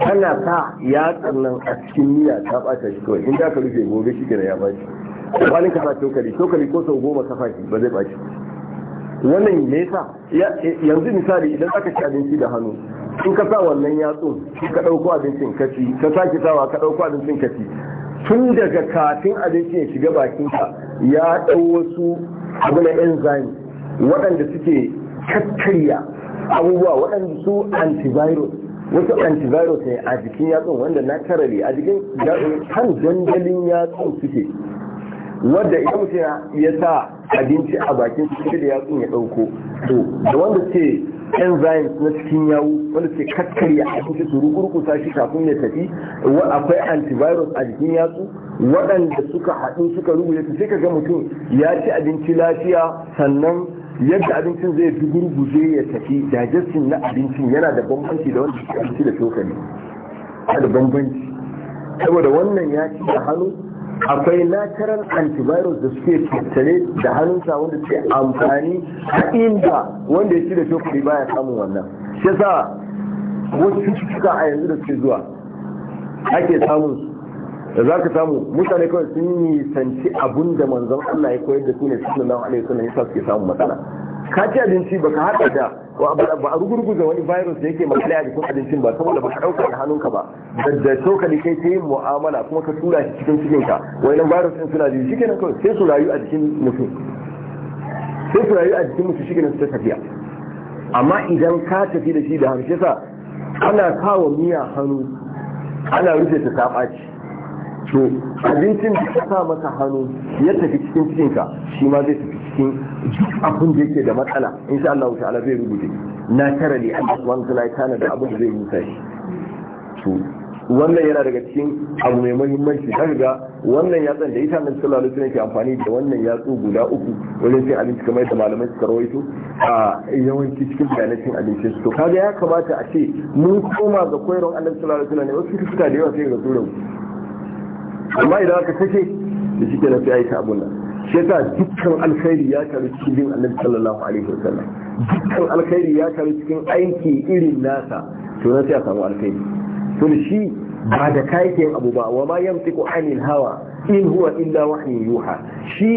[SPEAKER 1] kana sa ya nan a cikin miya ta ɓata shi kawai in ka rufe gobe shi kenan ya bashi kwanin ka sa cokali cokali ko sau goma kafa fashi ba zai baci wannan me sa? yanzu misali idan aka ci abinci da hannu in ka sa wannan yatsun ka ɗauko abincin ka ci ka sake sawa ka ɗauko abincin ka ci tun daga kafin abincin ya shiga bakinka ya ɗau wasu abu na enzyme waɗanda suke kakkarya abubuwa waɗanda su antivirus wasu antivirus ne a jikin yatsun wanda na naturally a jikin kan dandalin yatsun suke wadda idan
[SPEAKER 3] mutum ya sa
[SPEAKER 1] abinci a bakin cikin da yatsun ya ɗauko to da wanda ce enzymes na cikin yawu wanda ce a abinci su rukurkusa shi kafin ya tafi akwai antivirus a jikin yatsu waɗanda suka haɗu suka rubuta ya sai ka ga mutum ya ci abinci lafiya sannan yadda abincin zai fi gurguje ya tafi digestion na abincin yana da bambanci da wanda abinci da cokali yana da bambanci saboda wannan ya ci da hannu akwai natural antivirus da suke tattare da hannunsa wanda suke amfani a inda wanda ya ci da cokali baya samun wannan shi sa wasu cututtuka a yanzu da suke zuwa ake samun da za ka samu mutane kawai sun nisanci abun da manzon Allah ya koyar da su ne sallallahu alaihi wasallam sa suke samun matsala ka ci abinci ba ka haɗa da ba a rugurguza wani virus da yake makale a jikin abincin ba saboda ba ka ɗauka da hannunka ba da cokali kai ta yin mu'amala kuma ka tura shi cikin cikinka nan virus ɗin suna jiki shi kawai sai su rayu a jikin mutum sai su rayu a jikin mutum shi kenan su ta tafiya amma idan ka tafi da shi da harshe sa ana kawo miya hannu ana rufe ta saɓaci to abincin da ka sa maka hannu ya tafi cikin cikinka shi ma zai tafi cikin duk abin da yake da matsala sha Allah ta'ala zai rubuce na tara ne Allah subhanahu ta'ala ya da abin da zai rusa shi to wannan yana daga cikin abu mai muhimmanci har ga wannan yatsan da ita nan sallallahu alaihi wasallam ke amfani da wannan yatsu guda uku wajen cin abinci kamar da malamai suka rawaito a yawanci cikin bayanan cin abinci to kaga ya kamata a ce mun koma ga koyarwar Annabi sallallahu alaihi wasallam ne wasu suka da yawa sai ga tsoron amma idan aka kashe da shi kenan sai aika abun nan shi yasa dukkan alkhairi ya karu cikin bin annabi sallallahu alaihi wasallam dukkan alkhairi ya karu cikin aiki irin nasa to na sai a samu alkhairi to shi ba da kayakin abu ba wa ma yamtiku anil hawa in huwa illa wahyi yuha shi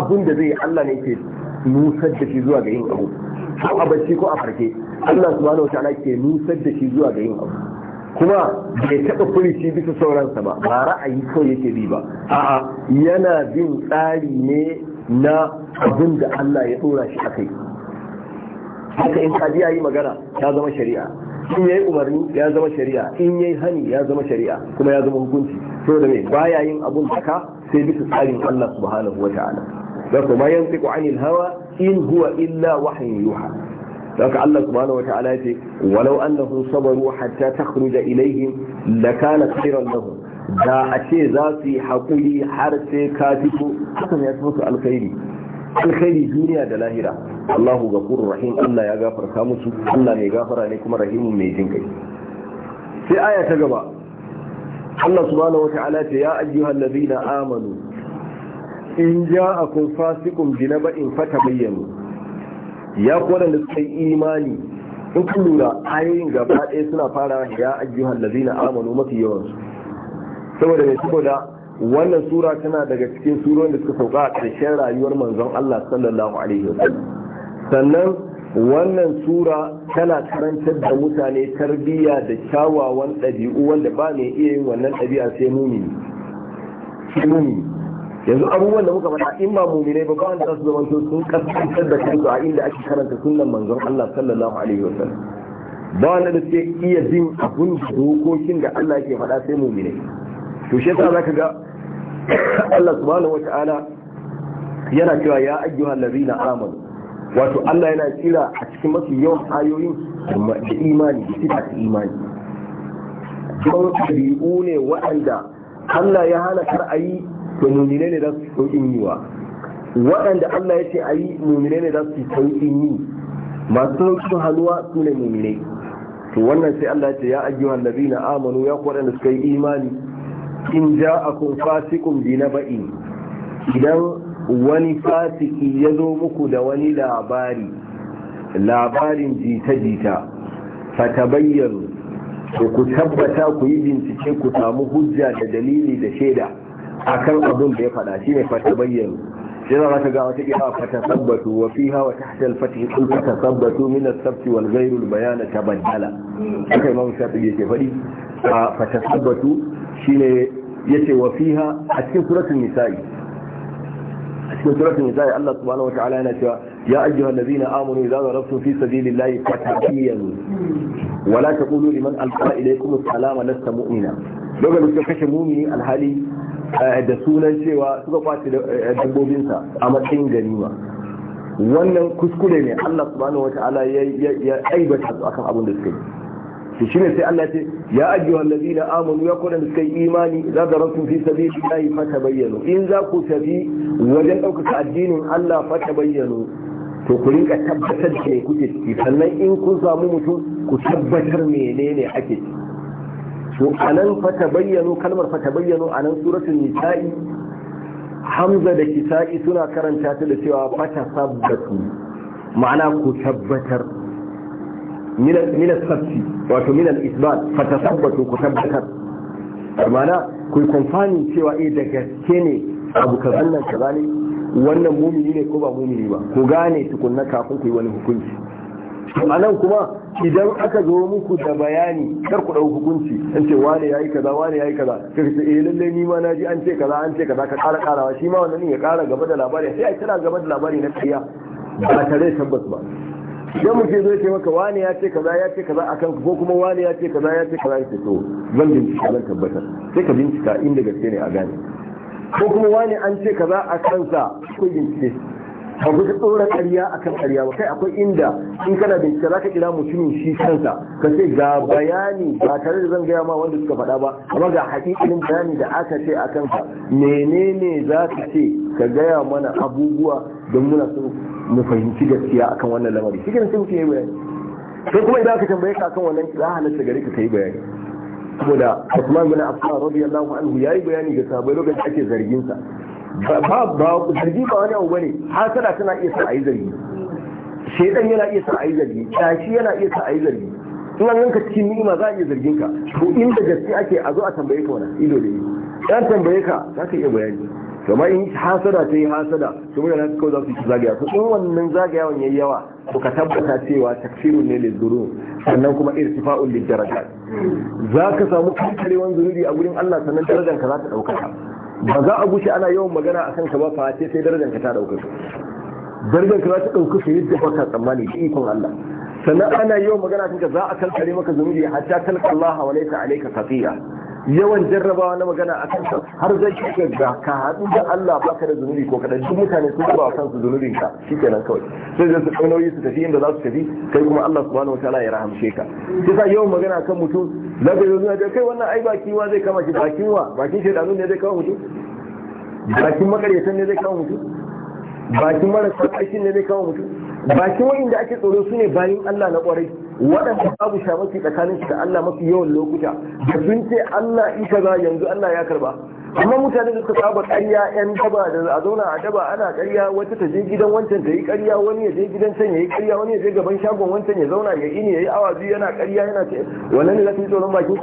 [SPEAKER 1] abun da zai Allah ne ke nusar da shi zuwa ga yin abu ko a bacci ko a farke Allah subhanahu wa ta'ala ke nusar da shi zuwa ga yin abu kuma bai taɓa furici bisa sauransa ba ba ra'ayi ko yake bi ba a'a yana bin tsari ne na abin da Allah ya dora shi a kai haka in kaji yi magana ya zama shari'a in yayi umarni ya zama shari'a in yayi hani ya zama shari'a kuma ya zama hukunci saboda me baya yin abun haka sai bisa tsarin Allah subhanahu wata'ala da kuma yantiqu anil hawa in huwa illa wahyu yuha don ka Allah subhanahu wa ta'ala ce walau an annahum sabaru hatta takhruja ilaihim lakana khairan lahum da a ce za su yi haƙuri har sai ka fito hakan ya musu alkhairi alkhairi duniya da lahira Allahu gafurur rahim Allah ya gafarta musu Allah mai gafara ne kuma rahimun mai jin kai sai aya ta gaba Allah subhanahu wata'ala ce ya ayyuhal ladina amanu in ja'akum fasiqun bi naba'in fatabayyanu ya da suka yi imani in kun lura ayoyin gaba ɗaya suna fara ya hallazi na amanu mafi yawansu saboda mai saboda wannan sura tana daga cikin surorin da suka sauka a ƙarshen rayuwar manzon Allah sallallahu alaihi wasallam sannan wannan sura tana karantar da mutane tarbiyya da kyawawan ɗabi'u wanda ba mai iya yin wannan ɗabi'a sai mumini yanzu abubuwan da muka faɗa in ba mu'minai ba ba da su zama to sun kasance da kansu a inda ake karanta sunan manzon Allah sallallahu alaihi sallam ba wanda da suke iya bin abun dokokin da Allah yake faɗa sai mu'minai to shi yasa zaka ga Allah subhanahu ta'ala yana cewa ya ayyuha allazina amanu wato Allah yana kira a cikin mafi yawan ayoyin da imani da sifa ta imani kuma ne waɗanda Allah ya hana kar a yi to mumine ne za su sauƙin yi wa waɗanda Allah ya ce a yi mumine ne za su sauƙin yi masu sauƙin hannuwa su ne mumine to wannan sai Allah ya ce ya ajiyu na amanu ya waɗanda suka yi imani in ja kun fasikun bi ba'i, idan wani fasiki ya zo muku da wani labari labarin jita-jita fatabayyaru ku tabbata ku yi bincike ku samu hujja da dalili da shaida akan abin da ya faɗa shi ne fata bayyana shi za ka ga wata kira fata sabbatu wa fiha wa tahta al-fath qul fata sabbatu min as-sabt wal ghayr al-bayan tabaddala akai imam shafi'i yake faɗi fata sabbatu shine yace wa fiha a cikin suratul nisa'i a cikin suratul nisa'i Allah subhanahu wa ta'ala yana cewa يا أيها الذين آمنوا إذا ضربتم في سبيل الله فتبينوا ولا تقولوا لمن ألقى إليكم السلام لست مؤمنا لو قالوا كشف مؤمني الحالي Eh, da sunan cewa suka kwace eh, dabbobinsa a matsayin ganima wannan kuskure ne Allah subhanahu wata'ala ya aibata su akan abin da suka yi shi ne sai Allah ce ya ajiyu allazina amanu ya kuna suka yi imani za da rasu fi sabilillahi in za ku tafi wajen ɗaukaka addinin Allah fa to ku rinka tabbatar da kuke ciki sannan in kun samu mutum ku tabbatar menene ake ciki to anan fa bayyano kalmar fa bayyano anan suratul nisa'i hamza da kisa'i suna karanta ta da cewa fa tasabbatu ma'ana ku tabbatar min sabti wato min al-isbat fa tasabbatu ku tabbatar ma'ana ku yi cewa eh da gaske ne abu kazan nan kaza ne wannan mumini ne ko ba mumini ba ku gane tukunna kafin ku yi wani hukunci a nan kuma idan aka zo muku da bayani kar ku ɗau hukunci an ce wane ya yi kaza wane ya yi kaza ka ce eh lalle ni ma na ji an ce kaza an ce kaza ka ƙara ƙarawa shi ma wannan ya ƙara gaba da labari sai a kira gaba da labari na ƙarya ba tare da tabbas ba idan ce zo ce maka wane ya ce kaza ya ce kaza akan ko kuma wane ya ce kaza ya ce kaza ya ce to zan bincika zan tabbatar sai ka bincika inda gaske ne a gane ko kuma wani an ce kaza a kansa ko bincike ba guji tsora ƙarya akan ƙarya ba kai akwai inda in kana bincike za ka kira mutumin shi kansa ka ce ga bayani ba tare da zan gaya ma wanda suka faɗa ba amma ga haƙiƙinin bayani da aka ce a kanka menene za ka ce ka gaya mana abubuwa don muna so mu fahimci gaskiya akan wannan lamari shi sai mutum ya yi bayani sai kuma idan aka tambaye ka akan wannan za halatta gare ka yi bayani saboda Usman bin Affan radiyallahu anhu yi bayani ga sahabbai lokacin ake zargin sa ba ba zargi wani abu bane hasara tana iya sa ayi zargi shedan yana iya sa ayi zargi yana iya sa ayi zargi in an yanka cikin ni'ima za a iya zargin ka to inda gaske ake a zo a tambaye ka wani ido da ido dan tambaye ka za ka iya bayani kuma in hasada ta yi hasada su muna nasu kawai za su yi zagaya su in wannan zagayawan yayi yawa to ka tabbata cewa takfirun ne da zuru sannan kuma irtifa'un lil darajat za ka samu kankarewan zunubi a gurin Allah sannan darajar ka za ta dauka ba za a gushe ana yawan magana a kanka ba fa sai darajanka ta dauka. darajar ka za ta su yadda baka tsammani da ikon Allah sannan ana yawan magana kanka za a kalkare maka zunubi hatta kalkallaha Allah wa alayka khatiya yawan jarrabawa na magana a kanka har zai shiga ga ka haɗu da Allah baka da zunubi ko kaɗan duk mutane sun zuba kansu zunubin ka shikenan kawai sai zai su ɗau nauyi su tafi inda za su tafi kai kuma Allah subhanahu wa ta'ala ya rahamshe ka sai sa yawan magana kan mutum za ka yi da kai wannan ai baki wa zai kama shi baki wa bakin shaidanu ne zai kama mutum bakin makaryatan ne zai kama mutum bakin marasa ƙarshen ne zai kama mutum bakin wa'inda ake tsoro su ne bayan Allah na ƙwarai waɗanda babu shamaki tsakanin shi da Allah mafi yawan lokuta da sun ce Allah ita ba yanzu Allah ya karba amma mutane da suka saba ƙarya yan daba da a zauna a daba ana ƙarya wata ta je gidan wancan ta yi ƙarya wani ya je gidan can ya yi ƙarya wani ya je gaban shagon wancan ya zauna ya ini ya yi awa biyu yana ƙarya yana ce wannan ne za ta yi tsoron bakin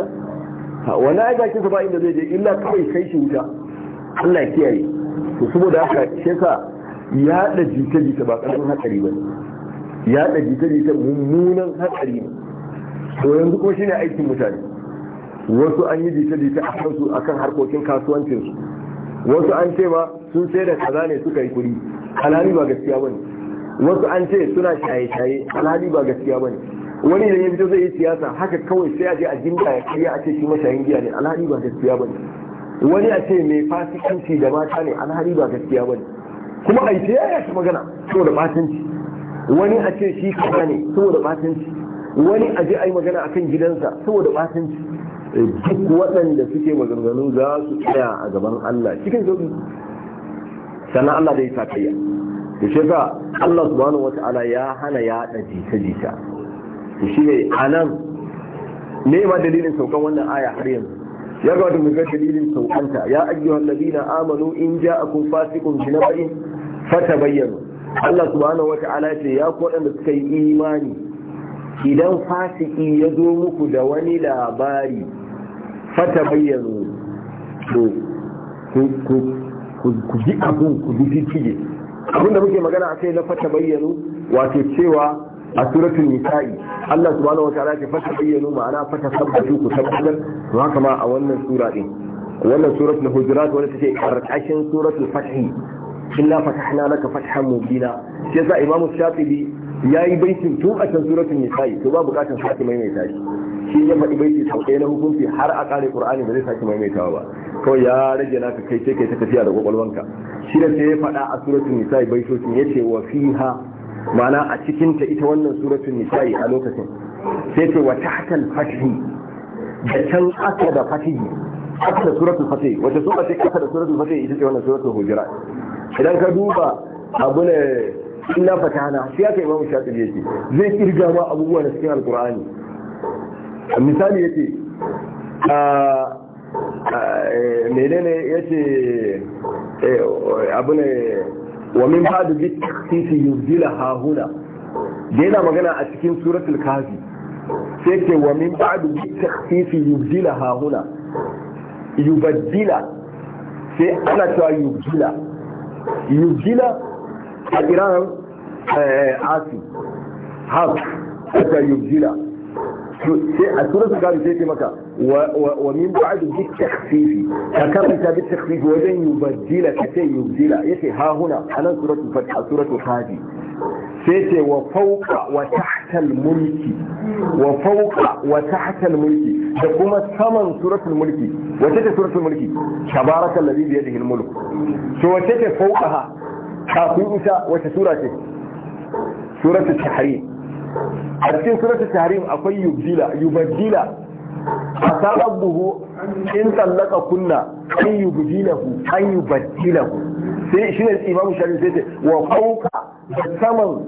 [SPEAKER 1] sa wani ai bakin sa ba inda zai je illa kawai kai shi wuta Allah ya kiyaye to saboda haka shi ya da jita jita ba ƙarfin hakari ba ne ya da jita-jita mummunan hatsari ne to yanzu kuma shine aikin mutane wasu an yi jita-jita a kansu akan harkokin kasuwancinsu wasu an ce ma sun sai da kaza ne suka yi kuɗi alhali ba gaskiya bane wasu an ce suna shaye-shaye alhali ba gaskiya bane wani da ya fito zai yi siyasa haka kawai sai a je a jinda ya kariya a ce shi mashayin giya ne alhali ba gaskiya bane wani a ce mai fasikanci da mata ne alhali ba gaskiya bane kuma a yi ta yaya magana to da batanci wani a ce shi kaza ne saboda batanci wani a ji ai magana kan gidansa saboda batanci eh, duk waɗanda suke maganganu za su tsaya a gaban Allah cikin sauƙi sannan Allah zai sa kayya da shi ka Allah subhanahu wata'ala ya hana ya da jita jita to shi ne anan ne ma dalilin saukan wannan aya har yanzu ya ga wata mugar dalilin saukanta ya ayyuhal ladina amanu in ja ja'akum fasiqun bi nabain bayyana. Allah subhanahu wata'ala ce ya da suka yi imani idan fasiki ya zo muku da wani labari fata bayyano ku ji abun ku ji cike abinda muke magana akai na fata bayyano wato cewa a suratul nisa'i Allah subhanahu wata'ala ce fata bayyano ma'ana fata ku tabbatar to haka ma a wannan sura din wannan suratul hujurat wanda take karkashin suratul fathi na fatahna laka fathan mubina shi yasa imam shafi'i yayi baitin tun a can suratul nisa'i to ba bukatun sake maimaita shi shi ya faɗi baiti sau ɗaya na hukunci har a ƙare qur'ani ba zai sake maimaitawa ba kawai ya rage naka kai sai kai ta tafiya da kwakwalwanka shi da sai ya faɗa a suratul nisa'i baitocin yace wa fiha ma'ana a cikin ta ita wannan suratul nisa'i a lokacin sai ce wa tahtal fathi da can aka da fathi kasa da suratul fatih wata sura ce kasa da suratul fatih ita ce wannan suratul hujurat idan ka duba abu ne inna fatahana sai aka imam shafi'i yake zai kirga ma abubuwa na cikin alqur'ani misali yake a ah, ah, menene yace eh, abu ne wa min ba'd bitisi yuzila hahuna da yana magana a cikin suratul kafi sai ke wa min ba'd bitisi yuzila hahuna yubaddila sai ana cewa yubdila yubdila a iran asi haf aka yubdila sai a tura su gari sai maka wa min ba'du bi takhfifi ka karanta bi takhfifi wajen yubaddila ka sai yubdila yace ha huna anan suratul fatha suratul hadi sai ce wa fauka wa tahtal mulki wa fauka wa tahtal mulki da kuma saman suratul mulki wace ce suratul mulki tabarakal bi yadihi mulk to wace ce fauka kafin ita wace sura ce suratul tahrim a cikin suratul tahrim akwai yubdila yubdila asabbuhu in tallaka kunna an yubdilahu an yubdilahu sai shine imamu shari'i sai ce wa fauka da saman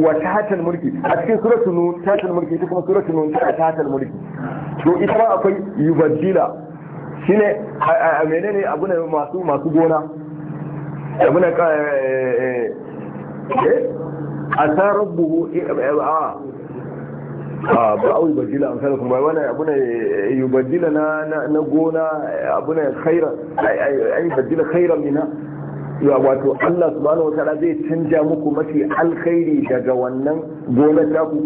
[SPEAKER 1] wa tahatal mulki a cikin suratul nun tahatal mulki ita kuma suratul nun ta tahatal mulki to ita ma akwai yubajjila shine a menene abu ne masu masu gona abu ne ka eh, eh, eh, asa rabbuhu a a ah. ah, ba au yubajjila amsal kuma wani abu ne yubajjila na gona abu ne khairan ai ai yubajjila khairan minha ya wato Allah subhanahu wa ta'ala zai canja muku mafi alkhairi daga wannan gonar taku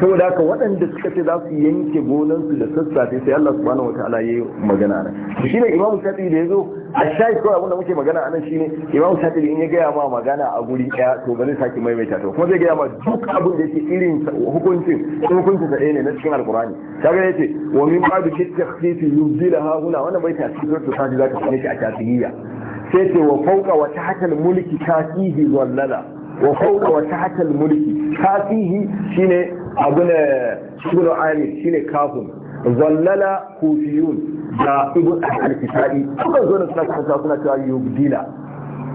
[SPEAKER 1] saboda haka waɗanda suka ce za su yanke gonansu da sassafe sai Allah subhanahu wa ta'ala yayi magana nan shine imamu shafi da yazo a shayi kawai abinda muke magana anan shine imamu shafi in ya gaya ma magana a guri ɗaya to ba zai sake maimaita ta kuma zai gaya ma duk abin da yake irin hukuncin hukuncin da ɗaya ne na cikin alqur'ani kaga yace wa min ba'du kitta khifi yuzilaha huna wannan bai ta cikin sura ta zaka sani shi a tafsiriya sai ce wa fauka wa tahtal mulki tasihi zallala wa fauka wa mulki abu kufiyun da ibn al-kisai suka zo da suna kasa suna cewa yubdila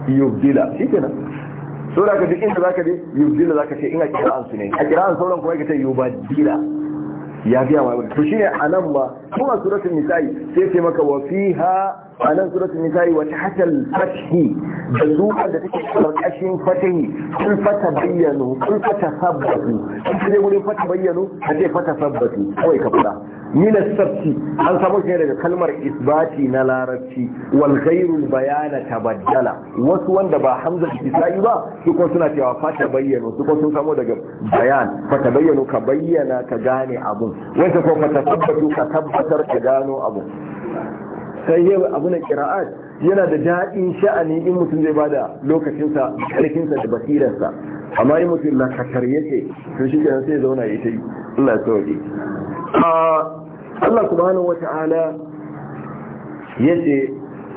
[SPEAKER 1] yubdila so da ka duk inda zaka je yubdila zaka ce ina su ne a kira'an sauran kuma ka ce yubadila ya biya wa to ba kuma suratul nisa'i sai ce maka wa fiha a nan suratul nisa'i wa tahtal fashi da zuwa da take karkashin fatahi kun fata bayyano kun fata sabbatu kun fi wurin fata bayyano a ce fata sabbatu kawai ka fara mina sabti an samu shi daga kalmar isbati na larabci wal ghayrul bayana tabaddala wasu wanda ba hamza nisa'i ba su ko suna cewa fata bayyano su ko sun samu daga bayan fata bayyano ka bayyana ka gane abun wanda ko fata sabbatu ka tabbatar ka gano abun sai yi abu na kira'at yana da daɗin sha'ani in mutum zai bada lokacinsa karfinsa da basirarsa amma in mutum na kakar yake to shi kenan sai zauna ya ta yi ina sauki ah, Allah subhanahu wata'ala ya yace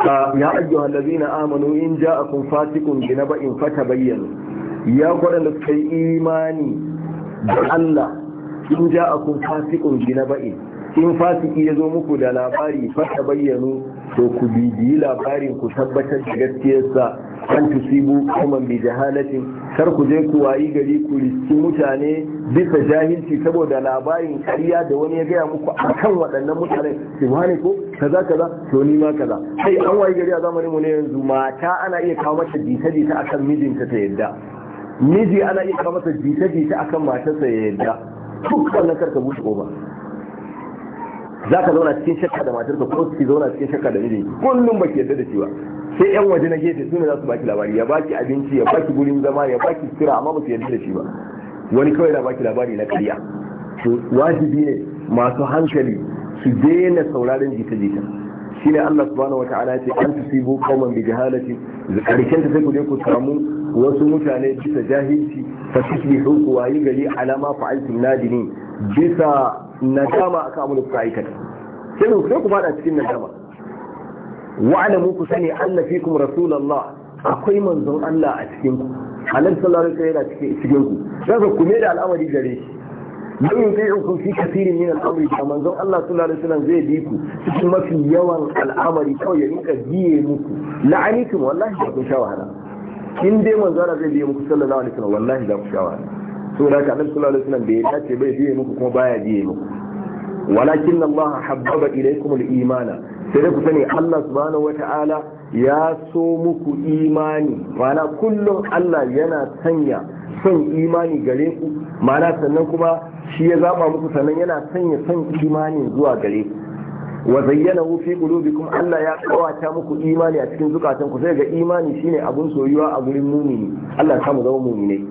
[SPEAKER 1] ah, ya ayyuha allazina amanu in ja'akum fasiqun bi naba'in fatabayyanu ya waɗanda kai imani da Allah in ja'akum fasiqun bi naba'in in fasiki ya zo muku da labari fata bayyanu to ku bibiyi labarin ku tabbatar da gaskiyarsa an tusibu kuma bi jahalatin kar ku je ku wayi gari ku riski mutane bisa jahilci saboda labarin ƙarya da wani ya gaya muku akan waɗannan mutane. su ko kaza kaza to ni ma kaza sai an wayi gari a zamanin mu ne yanzu mata ana iya kawo mata jita jita akan mijinta ta yadda miji ana iya kawo mata jita jita akan matarsa ya yadda duk wannan karka ko ba za ka zauna cikin shakka da matarka ko ki zauna cikin shakka da mijinki kullum ba ki yarda da shi sai yan waje na gefe su ne za su baki labari ya baki abinci ya baki gurin zama ya baki kira amma ba su yarda da shi ba wani kawai na baki labari na ƙarya to wajibi ne masu hankali su daina sauraron jita-jita Shi ne Allah subhanahu wa ya ce an tusibu qauman bi jahalati karshen ta sai ku je ku samu wasu mutane bisa jahilci fa tusbihu ku wayi gari alama fa'altum nadini bisa nadama aka abin da kuka aikata sai ku sai ku fada cikin nadama wa alamu ku sani anna fikum rasulullah akwai manzon Allah a cikin ku halal sallallahu alaihi wasallam cikin cikin ku sai ku da al'amari gare shi man yuti'ukum fi kathirin min al'amri, da manzon Allah sallallahu alaihi wasallam zai bi ku cikin mafi yawan al'amari kawai ya rinka biye muku la'anikum wallahi da kun sha in dai manzon Allah zai biye muku sallallahu alaihi wasallam wallahi da ku sha ka annabi sallallahu alaihi wasallam bai dace bai biye muku kuma baya biye muku walakin Allah habbaba ilaykum al-imana sai da ku sani Allah subhanahu wata'ala ya so muku imani mana kullum Allah yana sanya son imani gare ku mana sannan kuma shi ya zaba muku sannan yana sanya son imani zuwa gare ku wa zayyanahu fi qulubikum Allah ya kawata muku imani a cikin zukatan ku sai ga imani shine abun soyuwa a gurin mumini Allah ya samu zama mumine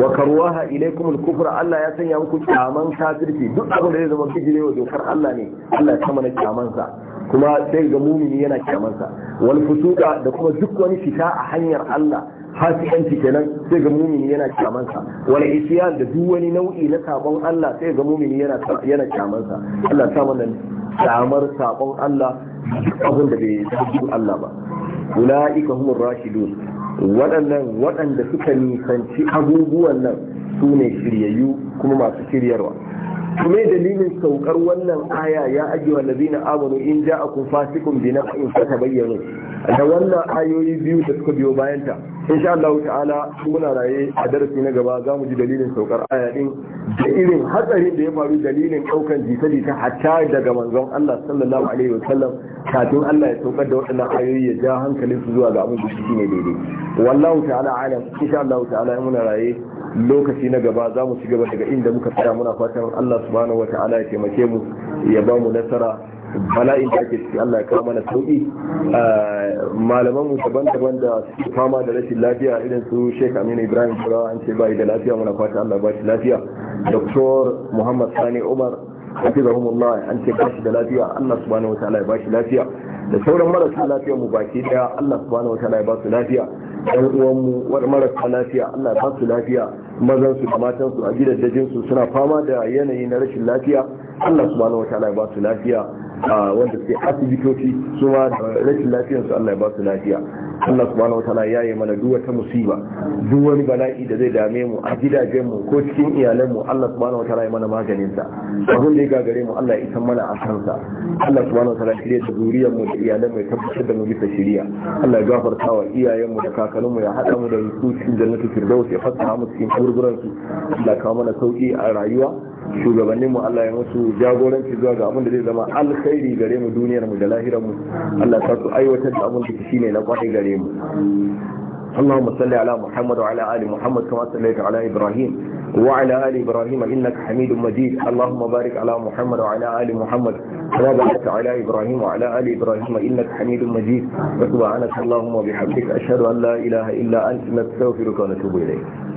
[SPEAKER 1] wa karwaha ilaykum al-kufra Allah ya sanya muku kyaman kafirci duk abin da zai zama bijire wa dokar Allah ne Allah ya sama na kyaman sa kuma sai ga mumini yana kyaman sa wal da kuma duk wani fita a hanyar Allah fasikanci kenan sai ga mumini yana kyamansa wani isyan da duk wani nau'i na sabon Allah sai ga mumini yana yana kyamansa Allah ta mana kyamar sabon Allah abin da bai tabbata Allah ba ulaika humur rashidun waɗannan waɗanda suka nisanci abubuwan nan su ne shiryayyu kuma masu shiryarwa kuma dalilin saukar wannan aya ya ajiye wa lazina amanu in ja akun fasikun bi na in fata bayyano da wannan ayoyi biyu da suka biyo bayanta insha Allah ta'ala muna raye a darasi na gaba za mu ji dalilin saukar aya din da irin hatsarin da ya faru dalilin daukan jita ta hatta daga manzon Allah sallallahu alaihi wa sallam kafin Allah ya saukar da waɗannan ayoyi ya ja hankalin su zuwa ga abin da shi ne daidai wallahu ta'ala alam insha Allah ta'ala muna raye lokaci na gaba za mu ci gaba daga inda muka tsaya muna fatan Allah subhanahu wata'ala ya taimake mu ya ba mu nasara bala'in da ake ciki Allah ya kawo mana sauki ah, malaman mu daban-daban da suke fama da rashin lafiya irin su Sheikh Aminu Ibrahim Turawa an ce bai da lafiya muna fatan Allah ba shi lafiya Dr. Muhammad Sani Umar hafizahumullah an ce ba shi da lafiya Allah subhanahu wata'ala ya ba shi lafiya da sauran marasa lafiya mu baki daya Allah subhanahu wataala ya ba su lafiya ɗan uwanmu war marasa lafiya Allah ya ba su lafiya mazan su da matan su a gidajen su suna fama da yanayi na rashin lafiya Allah subhanahu wataala ya ba su lafiya wanda suke asibitoci su ma rashin lafiyar su Allah ya ba su lafiya Allah subhanahu wataala ya yi mana duk wata musiba duk wani bala'i da zai dame mu a gidajen mu ko cikin iyalan mu Allah subhanahu wataala ya mana maganin sa abin da ya gagare mu Allah ya isa mana a sa Allah subhanahu wataala ya shirya zuriyar mu da iyalan mu ya tabbatar da mu bisa shiriya Allah ya gafarta wa iyayen mu da kakannin mu ya hada mu da su cikin jannatul firdaus ya fassara mu cikin gurguran su Allah kawo mana sauki a rayuwa shugabannin mu Allah ya musu jagoranci zuwa ga abin da zai zama alkhairi gare mu duniyar mu da lahirar mu Allah ta su aiwatar da abin da shine na kwarai gare mu اللهم صل على محمد وعلى ال محمد كما صليت على ابراهيم وعلى ال ابراهيم انك حميد مجيد اللهم بارك على محمد وعلى ال محمد كما باركت على ابراهيم وعلى ال ابراهيم انك حميد
[SPEAKER 2] مجيد وسبحانك اللهم وبحمدك اشهد ان لا اله الا انت نستغفرك ونتوب اليك